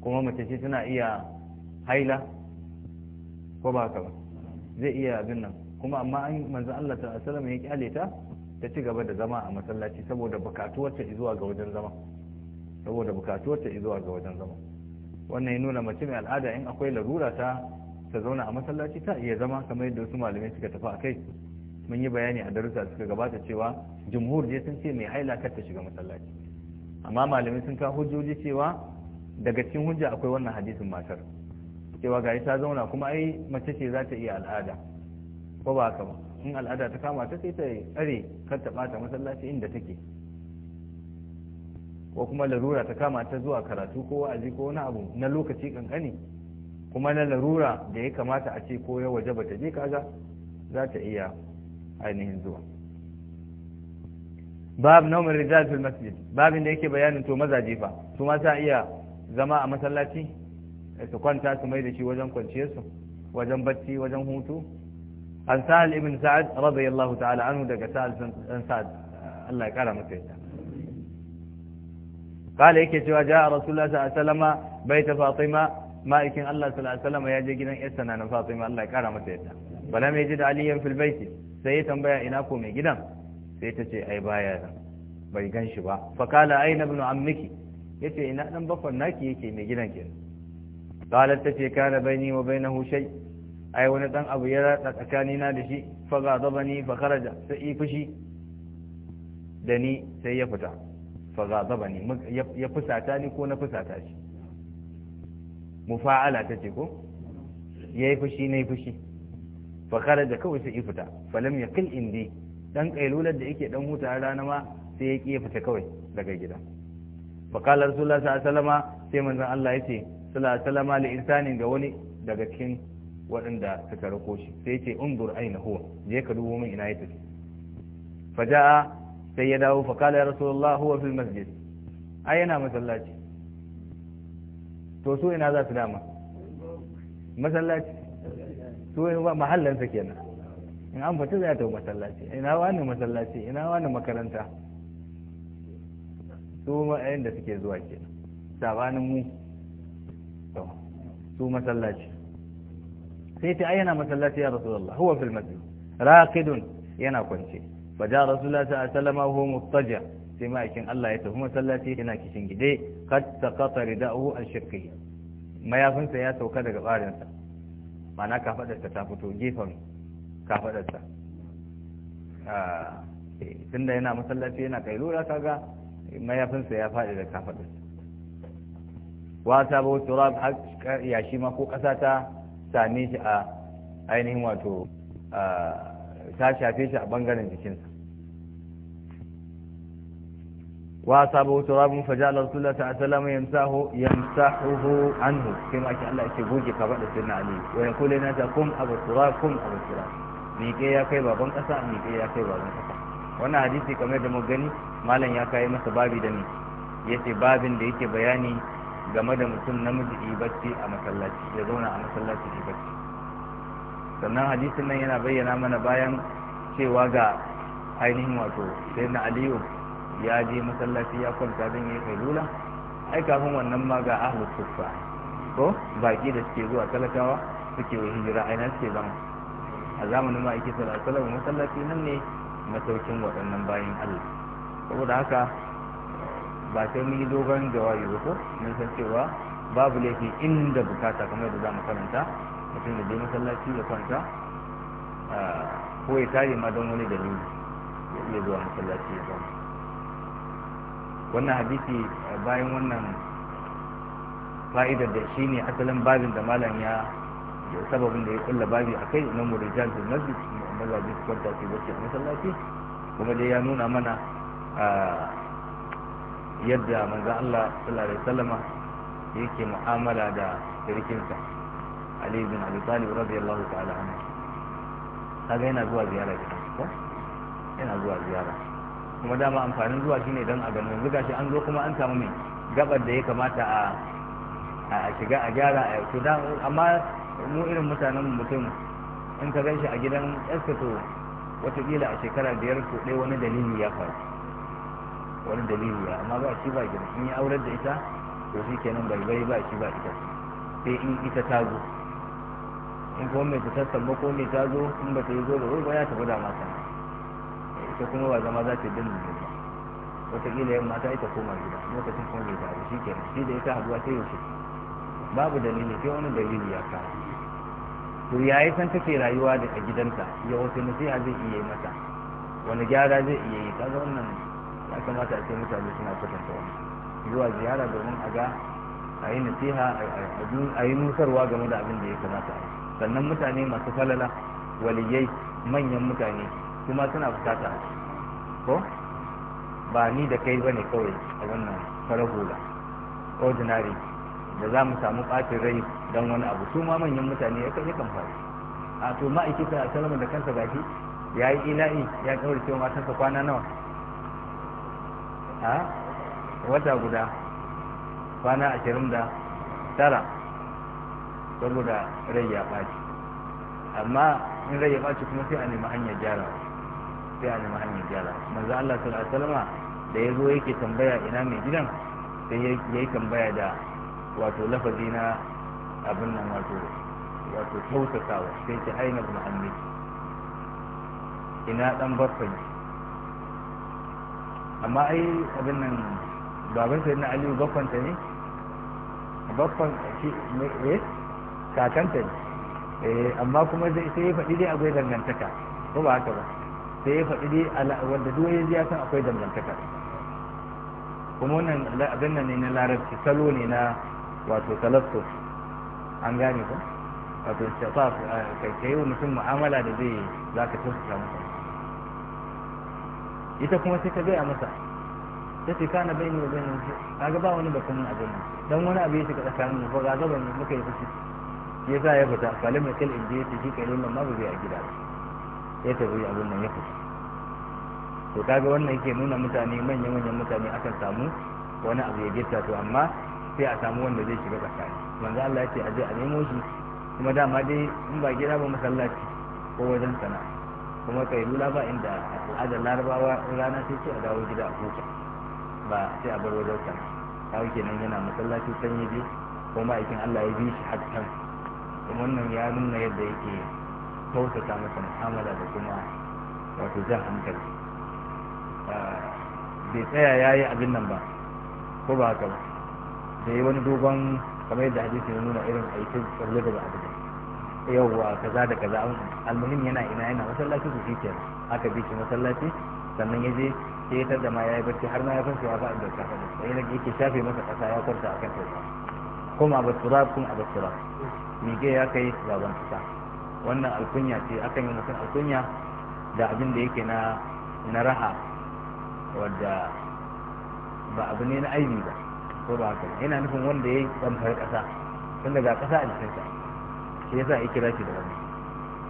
kuma mace ce tana iya haila ko ba ka ba zai iya abin nan kuma amma an manzan Allah ta salama ya kyale ta ta ci gaba da zama a masallaci saboda bukatuwar ta zuwa ga wajen zama saboda bukatuwar ta zuwa ga wajen zama wannan ya nuna mace mai al'ada in akwai larura ta ta zauna a masallaci ta iya zama kamar yadda wasu malamai suka tafi a kai mun yi bayani a darussa suka gabata cewa jumhur je sun ce mai haila kar ta shiga masallaci amma malamai sun kawo hujjoji cewa daga cikin hujja akwai wannan hadisin matar cewa gari ta zauna kuma ai mace ce za ta iya al'ada ko ba haka ba in al'ada ta kama ta sai ta tsare kar ta bata masallaci inda take ko kuma larura ta kama ta zuwa karatu ko wa'azi ko wani abu na lokaci kankani kuma na larura da ya kamata a ce ko ya waje ba ta je kaga za ta iya ainihin zuwa bab nawmin rijal fil masjid babin da yake bayanin to mazaje fa su ma sa iya zama a masallaci su kwanta su mai da shi wajen kwanciyarsu wajen bacci wajen hutu an sa'al ibn sa'ad radiyallahu ta'ala anhu daga sa'al dan sa'ad Allah ya kara masa yadda kala yake cewa ja'a rasulullah sallallahu alaihi wasallama baita fatima ma'aikin Allah sallallahu alaihi wasallama ya je gidan yarsa na Fatima Allah ya kara masa yadda balam yajid aliyan fil baiti sai ya tambaya ina ko mai gidan sai ta ce ai baya bai gan shi ba fakala aina ibn ammiki yace ina dan bakon naki yake mai gidan ke qalat ta ce kana baini wa bainahu shay ai wani dan abu ya rada tsakani na da shi fa gadabani fa kharaja sai yi fushi da ni sai ya fita fa zabani ya fusata ni ko na fusata shi mufa'ala ta ce ko yayi fushi nayi fushi fakara da kawai sai ya fita falam ya kil indi dan kailular da yake dan huta rana ma sai ya ki fita kawai daga gida fakala rasulullah sallallahu alaihi wasallam sai manzon Allah yace sallallahu alaihi wasallam li insanin ga wani daga cikin waɗanda suka rako shi sai yace undur aina huwa je ka dubo min ina ya fa jaa sai ya dawo fa ya rasulullah huwa fil masjid ai yana masallaci to su ina za su dama masallaci su wani ba mahallansa kenan in an fita zai tafi masallaci ina wani masallaci ina wani makaranta su ma'ayin da suke zuwa kenan sabanin mu to su masallaci sai ta ayyana masallaci ya Rasulallah, huwa fil masjid raqidun yana kwance fa ja rasulullah sallallahu alaihi wasallam huwa muttaja sai ma'aikin Allah ya tafi masallaci yana kishin gide qad taqata rida'uhu an shirkihi mayafinsa ya sauka daga barinsa mana kafadarta ta fito gefen kafadarsa ah, eh, tun da yana masallaci yana kai lura kaga mayafinsa ya faɗi da kafadarsa wata ba wasu rab yashi ma ko ƙasa ta same shi a ainihin wato ah, ta shafe shi a bangaren jikinsa وأصابه تراب فجعل رسول الله صلى الله عليه وسلم يمسحه يمسحه عنه كما أن الله يشبوك قبل سيدنا علي ويقول لنا كم أبو التراب كم أبو التراب miƙe ya kai baban ƙasa miƙe ya kai baban ƙasa wannan hadisi kamar da mu gani malam ya kai masa babi da ne yace babin da yake bayani game da mutum namiji ibacci a masallaci ya zauna a masallaci ibacci sannan hadisin nan yana bayyana mana bayan cewa ga ainihin wato sai na aliyu ya je masallaci ya kwanta don ya yi kailula ai kafin wannan ma ga ahlu sufa ko baki da suke zuwa talakawa suke yi hijira a suke zama a zamanin ma ake sallar sallar masallaci nan ne masaukin waɗannan bayan Allah saboda haka ba sai mun yi dogon jawabi ba ko mun san cewa babu laifi inda bukata kamar da za mu karanta mutum da je masallaci ya kwanta ah, ko ya tare ma don wani dalili ya iya zuwa masallaci ya kwanta wannan hadisi eh, bayan wannan fa'idar da shi ne asalin babin da malam ya sababin da ya kulla babi a kai na murijan da nabi mazabi su kwanta su bacci a masallaci kuma dai ya nuna mana ah, yadda manzan Allah sallallahu alaihi wasallama yake mu'amala da sirkinsa Ali bin Abi Talib radiyallahu ta'ala anhu kaga yana zuwa ziyara gidan ko yana zuwa ziyara kuma dama amfanin zuwa shine don a ganin yanzu gashi an zo kuma an samu mai gabar da ya kamata a a shiga a gyara a yau da amma mu irin mutanen mutum in ka ganshi a gidan yarsa to watakila a shekara biyar ko ɗaya wani dalili ya faru wani dalili ya amma ba shi ba gida in yi aurar da ita to shi kenan bai bai ba shi ba ita sai in ita ta zo in kuma mai fitar sammako mai ta zo in ba ta yi zo da wai ba ya tafi da mata ita kuma ba zama za ta dinga ba wataƙila yamma ta ita koma gida lokacin kuma bai tare shi kenan shi da ita haduwa ta yaushe babu dalili sai wani dalili ya kawo to yayi san take rayuwa da a gidanta ya wata nasiha zai iya yi mata wani gyara zai iya yi kaga wannan ya kamata a ce mutane suna kwatanta wani zuwa ziyara domin a ga a yi nasiha a yi nusarwa game da abin da ya kamata sannan mutane masu falala waliyai manyan mutane su ma suna bukata ko ba ni da kai ba ne kawai a wannan farar ordinary da za mu samu ɓacin rai don wani abu su ma manyan mutane ya kan faru a to ma'aikata a salama da kansa gashi ya yi ila'i ya kawar cewa matansa kwana nawa a wata guda kwana ashirin da tara saboda rai ya ɓaci amma in rai ya ɓaci kuma sai a nemi hanyar gyarawa tafiya ne nemi hanyar gyara manzo Allah sallallahu alaihi wasallam da yazo yake tambaya ina mai gidan sai yayi tambaya da wato lafazi na abin nan wato wato kyautatawa sai ta aina ibn ammi ina dan baffan amma ai abin nan baban sai na aliyu bakwanta ne bakwan shi ne eh, kakanta ne eh, amma kuma sai ya faɗi dai akwai dangantaka ko ba haka ba sai ya faɗi dai wanda duk ya ya san akwai dangantaka kuma wannan abin nan ne na larabci salo ne na wato talaffus an gane ko wato shafa kai kai wa mutum mu'amala da zai za ka tausasa masa ita kuma sai ka gaya masa ta ce kana bai ne bai ne kaga ba wani batun abin dan wani abu ya shiga tsakanin mu ba ga gaban muka yi fushi yasa ya fita falim kal inda ya shi kai nan ma ba zai a gida ba ya tafi abin nan ya fita to kaga wannan yake nuna mutane manya-manyan mutane akan samu wani abu ya gita to amma sai a samu wanda zai shiga tsakani manzo Allah ya aje a je a nemo shi kuma dama dai in ba gida ba masallaci ko wajen sana'a kuma kai lula ba inda al'adar larabawa rana sai ce a dawo gida a kuka ba sai a bar wajen sana'a kawo kenan yana masallaci sanyi biyu kuma aikin Allah ya bi shi hakkan kuma wannan ya nuna yadda yake kyautata masa mu'amala da kuma wato jan hankali ah, bai tsaya ya yi abin nan ba ko ba haka ba da yi wani dogon kamar yadda hadisi ya nuna irin aikin tsarle daga abu yauwa kaza da kaza almuhim yana ina yana masallaci su fi kenan aka bi shi masallaci sannan ya je ke ya da ma ya yi barci har ma ya fansa ya ba da kafa sai na ke shafe masa kasa ya kwarta a kan tausa kuma abasura kuma abasura mige ya kai baban kasa wannan alkunya ce akan yi mutum alkunya da abin da yake na raha wadda ba abu ne na aibi ba ko ba haka yana nufin wanda ya yi tsamfar ƙasa tun daga ƙasa a sa shi yasa ya kira shi da wani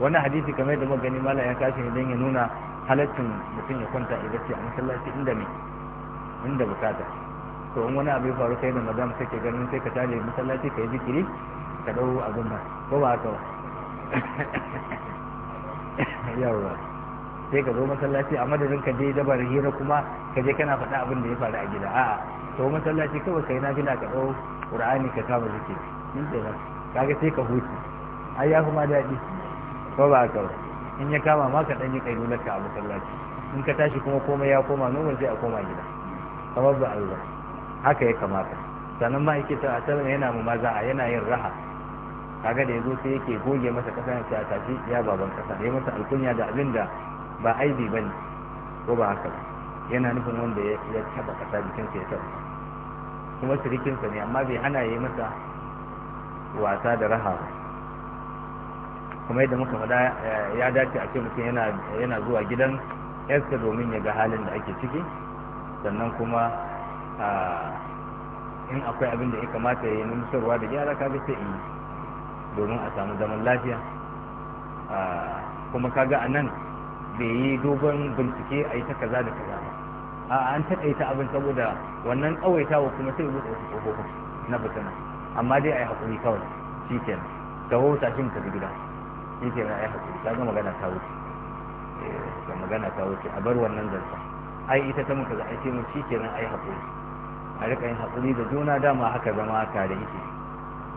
wannan hadisi kamar da muka gani malam ya kashi ne don ya nuna halaccin mutum ya kwanta a gaske a masallaci inda ne inda bukata to in wani abu ya faru kai da madam kake ganin sai ka tare masallaci ka yi zikiri ka dau abin ba ko ba haka ba yawon sai ka zo masallaci a madadin ka je dabar hira kuma ka je kana faɗa abin da ya faru a gida a'a to masallaci kawai kai gina ka ɗau qur'ani ka kama zikiri shi ka ga sai ka huce ai ya kuma daɗi ko ba a ba in ya kama ma ka ɗan yi ƙailularka a masallaci in ka tashi kuma komai ya koma noman sai a koma gida kamar ba a yi ba haka ya kamata sannan ma yake ta a yana mu maza yana yin raha kaga da yazo sai yake goge masa kasa ya ce a tashi ya baban kasa ya masa alkunya da abin da ba aibi bane ko ba haka yana nufin wanda ya taba kasa sa ya taba kuma sirikinsa ne amma bai hana ya yi masa wasa da raha ba kuma yadda muka faɗa eh, ya dace a ce mutum yana zuwa gidan yarsa domin ya ga halin da ake ciki sannan kuma ah, in akwai abin da ya kamata ya yi nusarwa da gyara kaga sai in yi domin a samu zaman lafiya kuma kaga a nan bai yi dogon bincike a yi ta kaza da kaza ba a an taƙaita abin saboda wannan tsawaitawa kuma sai wuce wasu tsofaffin na fitina amma dai a yi haƙuri kawai shi kenan ka hota shi ka gida shi kenan a yi haƙuri ta ga magana ta wuce eh, ga magana ta wuce a bar wannan zarta ai ita ta muka za a ce mu shi kenan a yi haƙuri a riƙa yin haƙuri da juna dama haka zama tare yake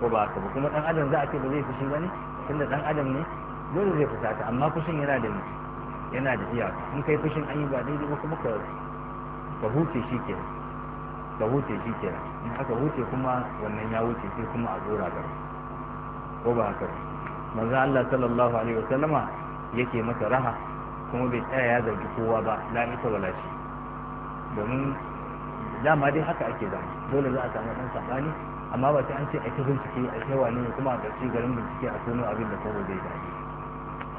ko ba haka ba kuma dan adam za a ce ba zai fushi ba ne tunda dan adam ne dole zai fusata amma fushin yana da yana da iyaka in kai fushin an yi ba daidai ba kuma ka huce shi ke ka huce shi ke in aka huce kuma wannan ya huce sai kuma a zora gaba ko ba haka manzo Allah sallallahu alaihi wasallama yake masa raha kuma bai tsaya ya zargi kowa ba la ita wala shi domin dama dai haka ake zama dole za a samu dan sabani amma ba sai an ce ake bincike a kai wane ne kuma a ƙarshe garin bincike a tono abin da kowa zai dace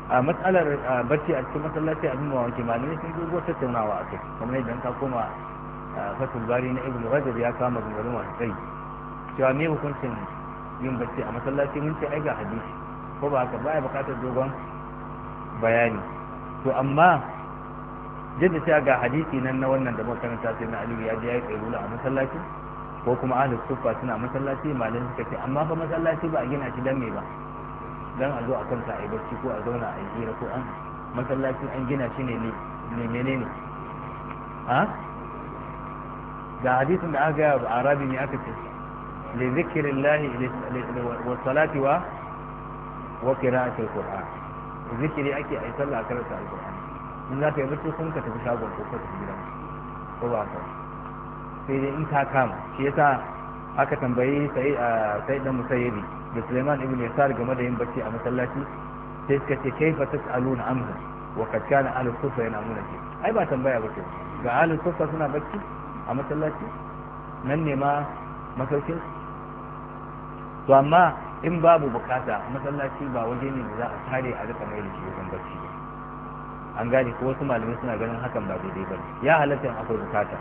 a matsalar barci a cikin masallaci abin mawaki malamai sun dogo tattaunawa a kai kamar yadda ka koma fatul bari na ibnu rajab ya kama gungarin masu tsayi cewa me hukuncin yin barci a masallaci mun ce ai ga hadisi ko ba haka baya buƙatar dogon bayani to amma jadda ga hadisi nan na wannan da makaranta sai na aliyu ya je ya yi tsaye a masallaci ko kuma ahlus sufa suna masallaci malamai suka ce amma fa masallaci ba a gina shi dan me ba dan a zo a kanta a yi barci ko a zauna a yi hira ko an masallaci an gina shi ne ne menene ha ga hadisin da aka gaya arabi ne aka ce li zikrillahi wa salati wa wa qira'ati alquran zikiri ake ai sallah karanta alquran in za ka yi barci sun ka tafi shagon ko ka tafi gida ko ba ka sai dai in ta kama shi yasa aka tambayi sai a sai dan musayyibi da Sulaiman ibn Yasar game da yin bacci a masallaci sai suka ce kaifa tas'aluna amhu wa kad kana ahli sufa yanamuna ce ai ba tambaya ba ce ga ahli sufa suna bacci a masallaci nan ne ma masaukin to amma in babu bukata masallaci ba waje ne da za a tare a rika mai da shi wajen bacci an gane ko wasu malamai suna ganin hakan ba daidai ba ya halatta akwai bukata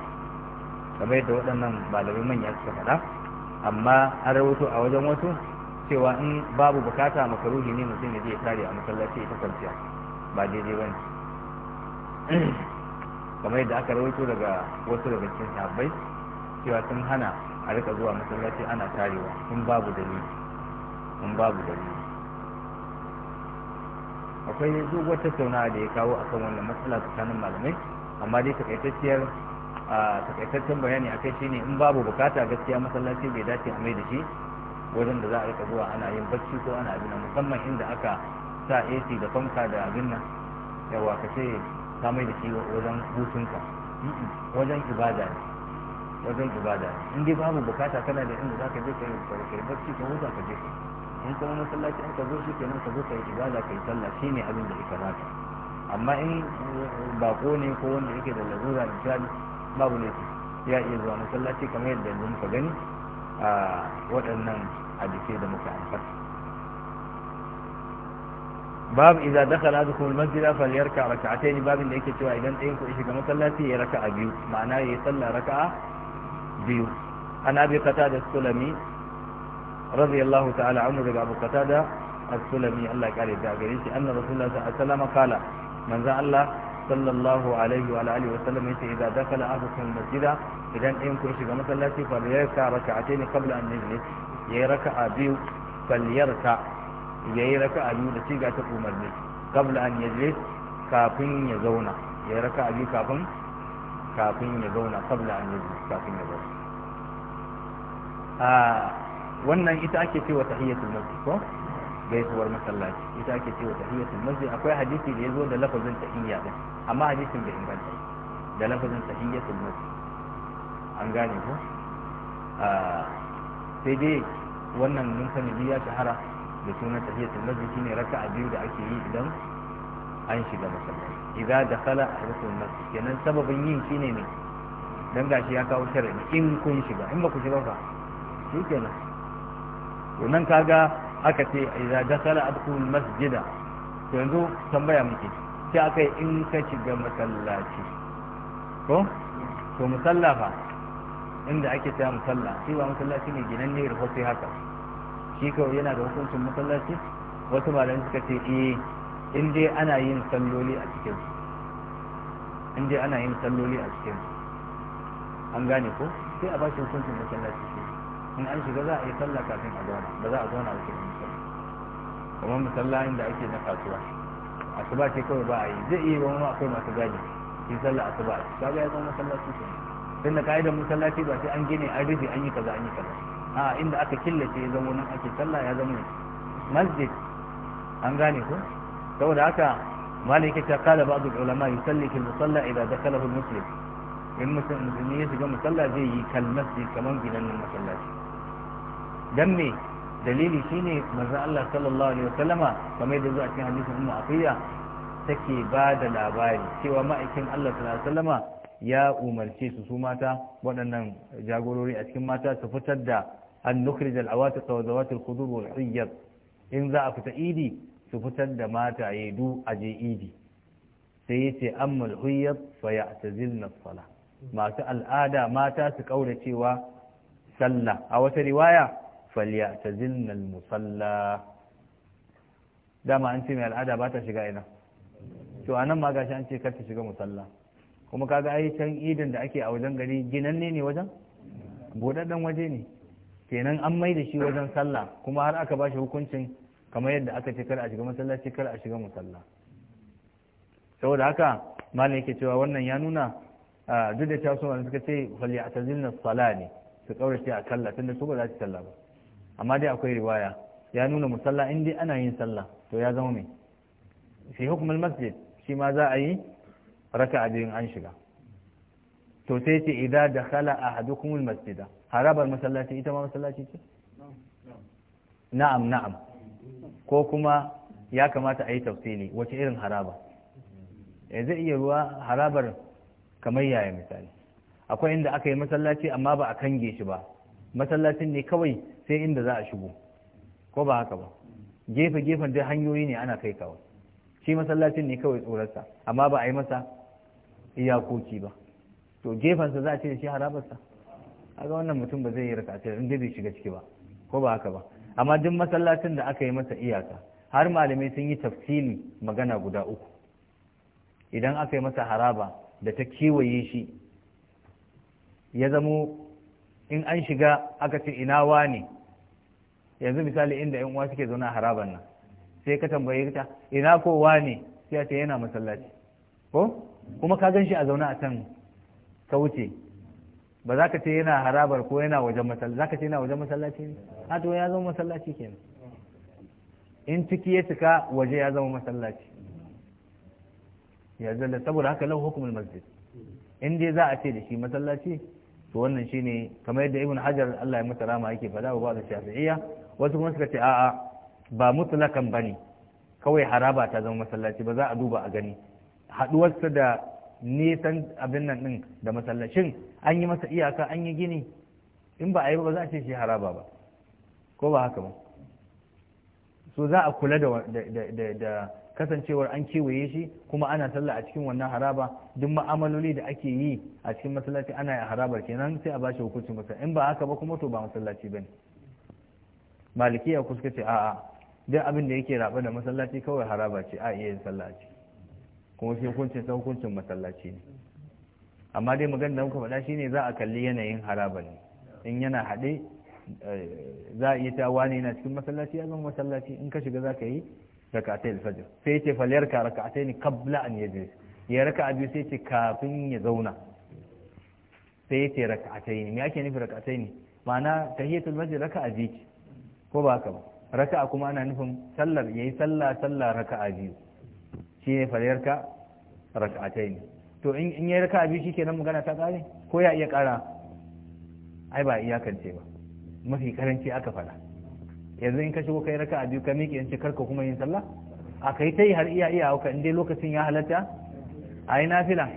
kamar yadda waɗannan malamai manya suka faɗa amma an rawaito a wajen wasu cewa in babu bukata makaruhi ne mutum ya je ya tare a masallaci ita kwanciya ba daidai ba ne kamar yadda aka rawaito daga wasu daga cikin sahabbai cewa sun hana a rika zuwa masallaci ana tarewa in babu dalili in babu dalili akwai duk wata tattaunawa da ya kawo akan wannan matsala tsakanin malamai amma dai takaitacciyar a takaitaccen bayani a kai shine in babu bukata gaskiya masallaci bai dace a mai da shi wajen da za a rika zuwa ana yin bacci ko ana abin musamman inda aka sa AC da fanka da abin nan yawa ka ce ka mai da shi wajen hutunka wajen ibada ne wajen ibada ne in dai babu bukata kana da inda za ka je ka yi bacci ka huta ka je in kuma masallaci in ka zo shi kenan ka zo ka yi ibada ka yi sallah shine abin da ya kamata amma in bako ne ko wanda yake da larura misali babu laifi ya iya zuwa masallaci kamar yadda yanzu muka gani a waɗannan hadisai da muka ambata babu idza dakhala ahadukum al-masjid falyarka rak'atayn babin da yake cewa idan ɗayan ku shiga masallaci ya raka'a biyu ma'ana ya sallah raka'a biyu an abi qatada sulami radiyallahu ta'ala anhu daga abu qatada as-sulami Allah ya kare da gare shi anna rasulullahi sallallahu alaihi wasallam kala manzo Allah sallallahu alaihi wa alihi wa sallam yace idza dakala ahadukum masjida idan ɗayan ku shiga masallaci fa yarka raka'atayn qabla an yajlis yayi raka'a biyu fal yarka yayi raka'a biyu da siga ta umarni qabla an yajlis kafin ya zauna yayi raka'a biyu kafin kafin ya zauna an kafin ya zauna wannan ita ake cewa tahiyatul masjid ko gaisuwar masallaci ita ake cewa tahiyatul masjid akwai hadisi da yazo da lafazin tahiyya din amma hadisin bai inganta da lafazin sahiyyatul masjid an gane ko ah, sai dai wannan mun sani biyu ya shahara da sunan tahiyatul ne shine raka'a biyu da ake yi idan an shiga masallaci idza dakhala ahadakum masjid kenan sababin yin shine ne dan gashi ya kawo sharadi in kun shiga in ba ku shiga fa shikenan to nan kaga aka ce idza dakhala adkhulul masjida to yanzu tambaya muke sai aka yi in ka shiga masallaci ko to musallafa fa inda ake cewa musalla shi ba masallaci ne ginan ne rufa sai haka shi ka yana da hukuncin masallaci wasu malamai suka ce eh in dai ana yin salloli a cikin in dai ana yin salloli a cikin an gane ko sai a bashi hukuncin masallaci shi in an shiga za a yi sallah kafin a zauna ba za a zauna a cikin musalla kamar musalla inda ake na kasuwa asuba ce kawai ba a yi zai iya wani akwai masu gadi yi sallah asuba ka ga ya zama masallaci ke tunda ka'idar masallaci ba sai an gine an rufe an yi kaza an yi kaza a inda aka killace ya zama nan ake sallah ya zama masjid an gane ko saboda haka malai ta kala ba'd ulama yusalli fil musalla idan dakalahu muslim in musulmi ya shiga musalla zai yi kal masjid kaman gidan masallaci dan me dalili shine manzon Allah sallallahu alaihi wasallama kamar da zuwa cikin hadisin Ummu Afiya take ba da labari cewa ma'aikin Allah sallallahu alaihi wasallama ya umarce su su mata waɗannan jagorori a cikin mata su fitar da an nukhrij al awatiq wa zawat al qudur wal hiyab in za a fita idi su fitar da mata ya du a je idi sai yace amma al hiyab fa ya'tazilna salah masu al'ada mata su kaura cewa sallah a wata riwaya falyatazilna musalla dama an ce mai al'ada ba ta shiga ina to anan ma gashi an ce kar ta shiga musalla kuma kaga ai can idan da ake a wajen gari ginanne ne wajen budaddan waje ne kenan an mai da shi wajen sallah kuma har aka bashi hukuncin kamar yadda aka ce kar a shiga masallaci kar a shiga musalla saboda haka malam yake cewa wannan ya nuna ah, duk da cewa sun suka ce falyatazilna as-sala ne su kaurace a kalla tunda su ba za su sallah ba amma dai akwai riwaya ya nuna musalla in dai ana yin sallah to ya zama mai fi hukumar masjid shi ma za a yi raka a biyun an shiga to sai ce idan da khala a hadukumul masjida harabar masallaci ita ma masallaci ce na'am na'am ko kuma ya kamata a yi tafsili wace irin haraba ya eh, zai iya ruwa harabar kamar yaya misali akwai inda aka yi masallaci amma ba a kange shi ba masallacin ne kawai sai inda za a shigo ko ba haka ba gefe gefen dai hanyoyi ne ana kai kawai shi masallacin ne kawai tsorarsa amma ba a yi masa iyakoki ba to gefensa za a ce da shi harabarsa ga wannan mutum ba zai yi rakatar in bai shiga ciki ba ko ba haka ba amma duk masallacin da aka yi masa iyaka har malamai sun yi tafsili magana guda uku idan aka yi masa haraba da ta kewaye shi ya zamo in an shiga aka ce ina wani yanzu misali inda yan uwa suke zauna haraban nan sai ka tambaye ta ina ko wani sai a ce yana masallaci ko kuma ka gan shi a zauna a can ka wuce ba za ka ce yana harabar ko yana wajen masallaci za ka ce yana wajen masallaci ne a to ya zama masallaci kenan in ciki ya cika waje ya zama masallaci ya zalla saboda haka lahu hukumul masjid in dai za a ce da shi masallaci to wannan shine kamar yadda ibn hajar Allah ya masa rama yake fada wa da shafi'iyya wasu kuma suka ce a'a ba mutlakan bane kawai haraba ta zama masallaci ba za a duba a gani haduwarsa da nisan abin nan din da masallacin an yi masa iyaka an yi gini in ba a yi ba za a ce shi haraba ba ko ba haka ba so za a kula da kasancewar an kewaye shi kuma ana sallah a cikin wannan haraba duk ma'amaloli da ake yi a cikin masallaci ana a harabar kenan sai a bashi hukuncin masa in ba haka ba kuma to ba masallaci bane malikiya ku suka ce a'a duk abin da yake raba da masallaci kawai haraba ce a iya yin sallah ce kuma sai hukuncin sa hukuncin masallaci ne amma dai magana da muka faɗa shine za a kalli yanayin haraba ne in yana haɗe za a iya ta wani na cikin masallaci a zama masallaci in ka shiga za ka yi rakatai alfajir sai ce faliyar ka rakatai ne kabla an yaje ya raka abu sai ce kafin ya zauna sai ya ce rakatai ne me ake nufi rakatai ne ma'ana tahiyatul masjid raka biyu ce ko ba ka ba raka'a kuma ana nufin sallar yi sallah sallah raka'a shi ne faliyar ka ne to in yayi raka'a biyu shikenan magana ta kare ko ya iya kara ai ba iyakance ba mafi karanci aka fada yanzu in ka shigo kai raka a biyu ka miƙe in karka kuma yin sallah a kai ta yi har iya iya hauka inda lokacin ya halatta a yi nafila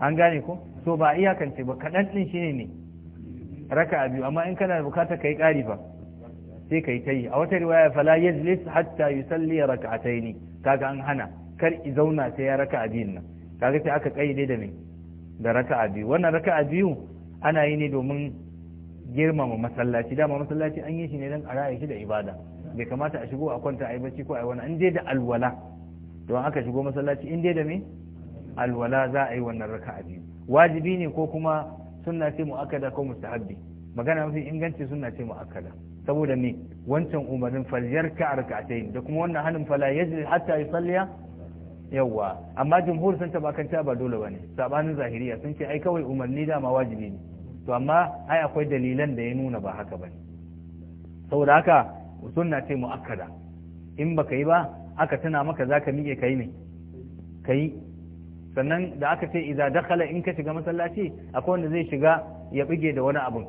an gane ko so ba iyakance ba kaɗan ɗin shi ne raka a biyu amma in kana bukatar ka yi ƙari fa sai ka yi ta yi a wata riwaya fala yajlis hatta yusalli raka'ataini kaga an hana kar i zauna sai ya raka a biyun nan kaga sai aka kaide da me da raka a biyu wannan raka a biyu ana yi ne domin girmama masallaci dama masallaci an yi shi ne don a raya shi da ibada bai kamata a shigo a kwanta a yi bacci ko a yi wani an je da alwala don aka shigo masallaci in dai da me alwala za a yi wannan a biyu wajibi ne ko kuma sunna ce mu'akkada ko mustahabbi magana mafi inganci sunna ce mu'akkada saboda me wancan umarnin falyarka a raka'atayn da kuma wannan hannun fala yajli hatta yusalliya yawwa amma jumhur sun taba kan ba dole bane sabanin zahiriya sun ce ai kawai umarni dama wajibi ne to amma ai akwai dalilan da ya nuna ba haka bane saboda haka sunna ce mu'akkada in baka yi ba aka tuna maka zaka miƙe kai ne kai sannan da aka ce idza dakhala in ka shiga masallaci akwai wanda zai shiga ya bige da wani abun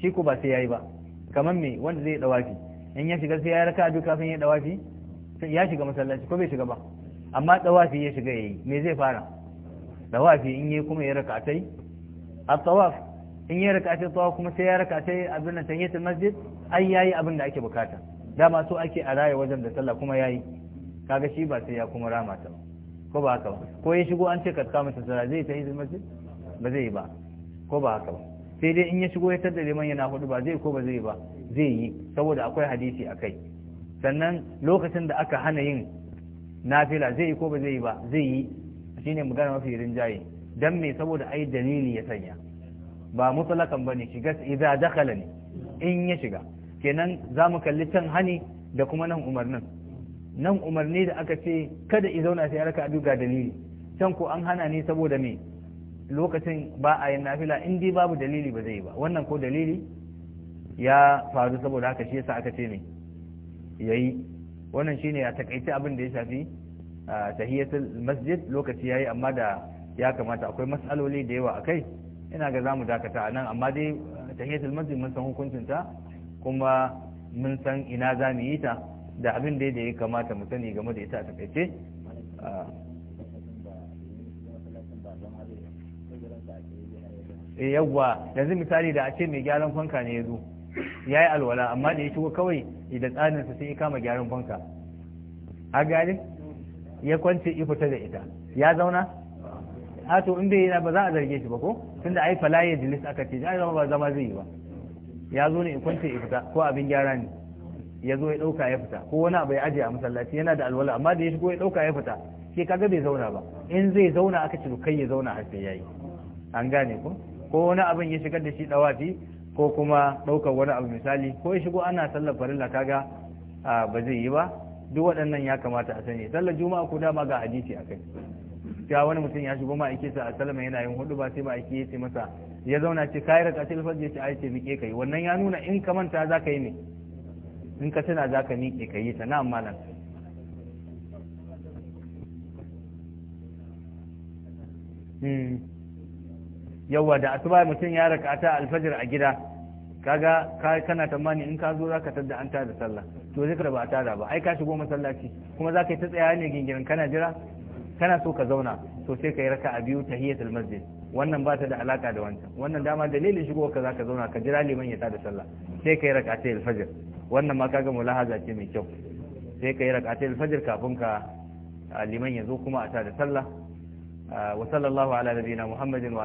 shi ko ba sai yayi ba kamar me wanda zai dawafi in ya shiga sai ya raka duk kafin ya dawafi sai ya shiga masallaci ko bai shiga ba amma dawafi ya shiga yayi me zai fara dawafi in yayi kuma ya raka tai at-tawaf in yi ce tsawa kuma sai ya ce abin da nan ta masjid ai yayi abin da ake bukata dama so ake a raye wajen da sallah kuma yayi kaga shi ba sai ya kuma rama ta ko ba haka ba ko ya shigo an ce ka kama ta sallah zai ta masjid ba zai yi ba ko ba haka ba sai dai in ya shigo ya tada liman yana hudu ba zai ko ba zai ba zai yi saboda akwai hadisi akai sannan lokacin da aka hana yin nafila zai yi ko ba zai yi ba zai yi shine magana mafi rinjaye dan me saboda ai dalili ya sanya ba ba bane shiga iza dakhala ne in ya shiga kenan za mu kalli can hani da kuma nan umarnin nan umarni da aka ce kada i zauna sai raka biyu ga dalili can ko an hana ni saboda me lokacin ba a yin nafila in dai babu dalili ba zai ba wannan ko dalili ya faru saboda haka shi yasa aka ce ne yayi wannan shine ya takaice abin da ya shafi ah, tahiyatul masjid lokaci yayi amma da ya kamata akwai mas'aloli da yawa akai ina ga zamu dakata a nan amma dai ta eh, tahiyatul masjid mun san hukuncinta kuma mun san ina za mu yi ta da abin da ya kamata mu sani game da ita a takaice eh, yawwa yanzu misali da a ce mai gyaran fanka ne ya zo ya yi alwala amma da ya shigo kawai idan tsarinsa sai ya kama gyaran fanka a gari ya kwance ya fita da ita ya zauna hato in bai ba za a zarge shi ba ko tunda ai fala ya jilis aka ce ai zama ba zama zai yi ba ya zo ne in kwance ya fita ko abin gyara ne ya zo ya dauka ya fita ko wani abu ya ajiye a masallaci yana da alwala amma da ya shigo ya dauka ya fita ke kaga bai zauna ba in zai zauna aka ce kai ya zauna har sai yayi an gane ko ko wani abin ya shigar da shi dawafi ko kuma daukar wani abu misali ko ya shigo ana sallar farilla kaga ba zai yi ba duk waɗannan ya kamata a sani sallar juma'a ko dama ga hadisi akai cewa wani mutum ya shigo ma'aike sa a salama yana yin hudu ba sai ma'aike ya ce masa ya zauna ce yi raka til fajr ya ce ai ce miƙe kai wannan ya nuna in ka manta za ka yi ne in ka tana za ka miƙe ka yi ta na'am malam hmm. yawa da asuba mutum ya raka ta alfajir a gida kaga kana tamani in ka zo za ka tadda an tada sallah to zikra ba a tada ba ai ka shigo masallaci kuma za ka yi ta tsaya ne gingirin kana jira kana so ka zauna to sai ka yi raka a biyu tahiyatul masjid wannan ba ta da alaka da wancan wannan dama dalilin shigo ka zaka zauna ka jira liman ya tada sallah sai ka yi raka ta alfajr wannan ma kaga mulahaza ce mai kyau sai ka yi raka ta alfajr kafin ka liman ya zo kuma a tada sallah wa sallallahu ala nabiyina muhammadin wa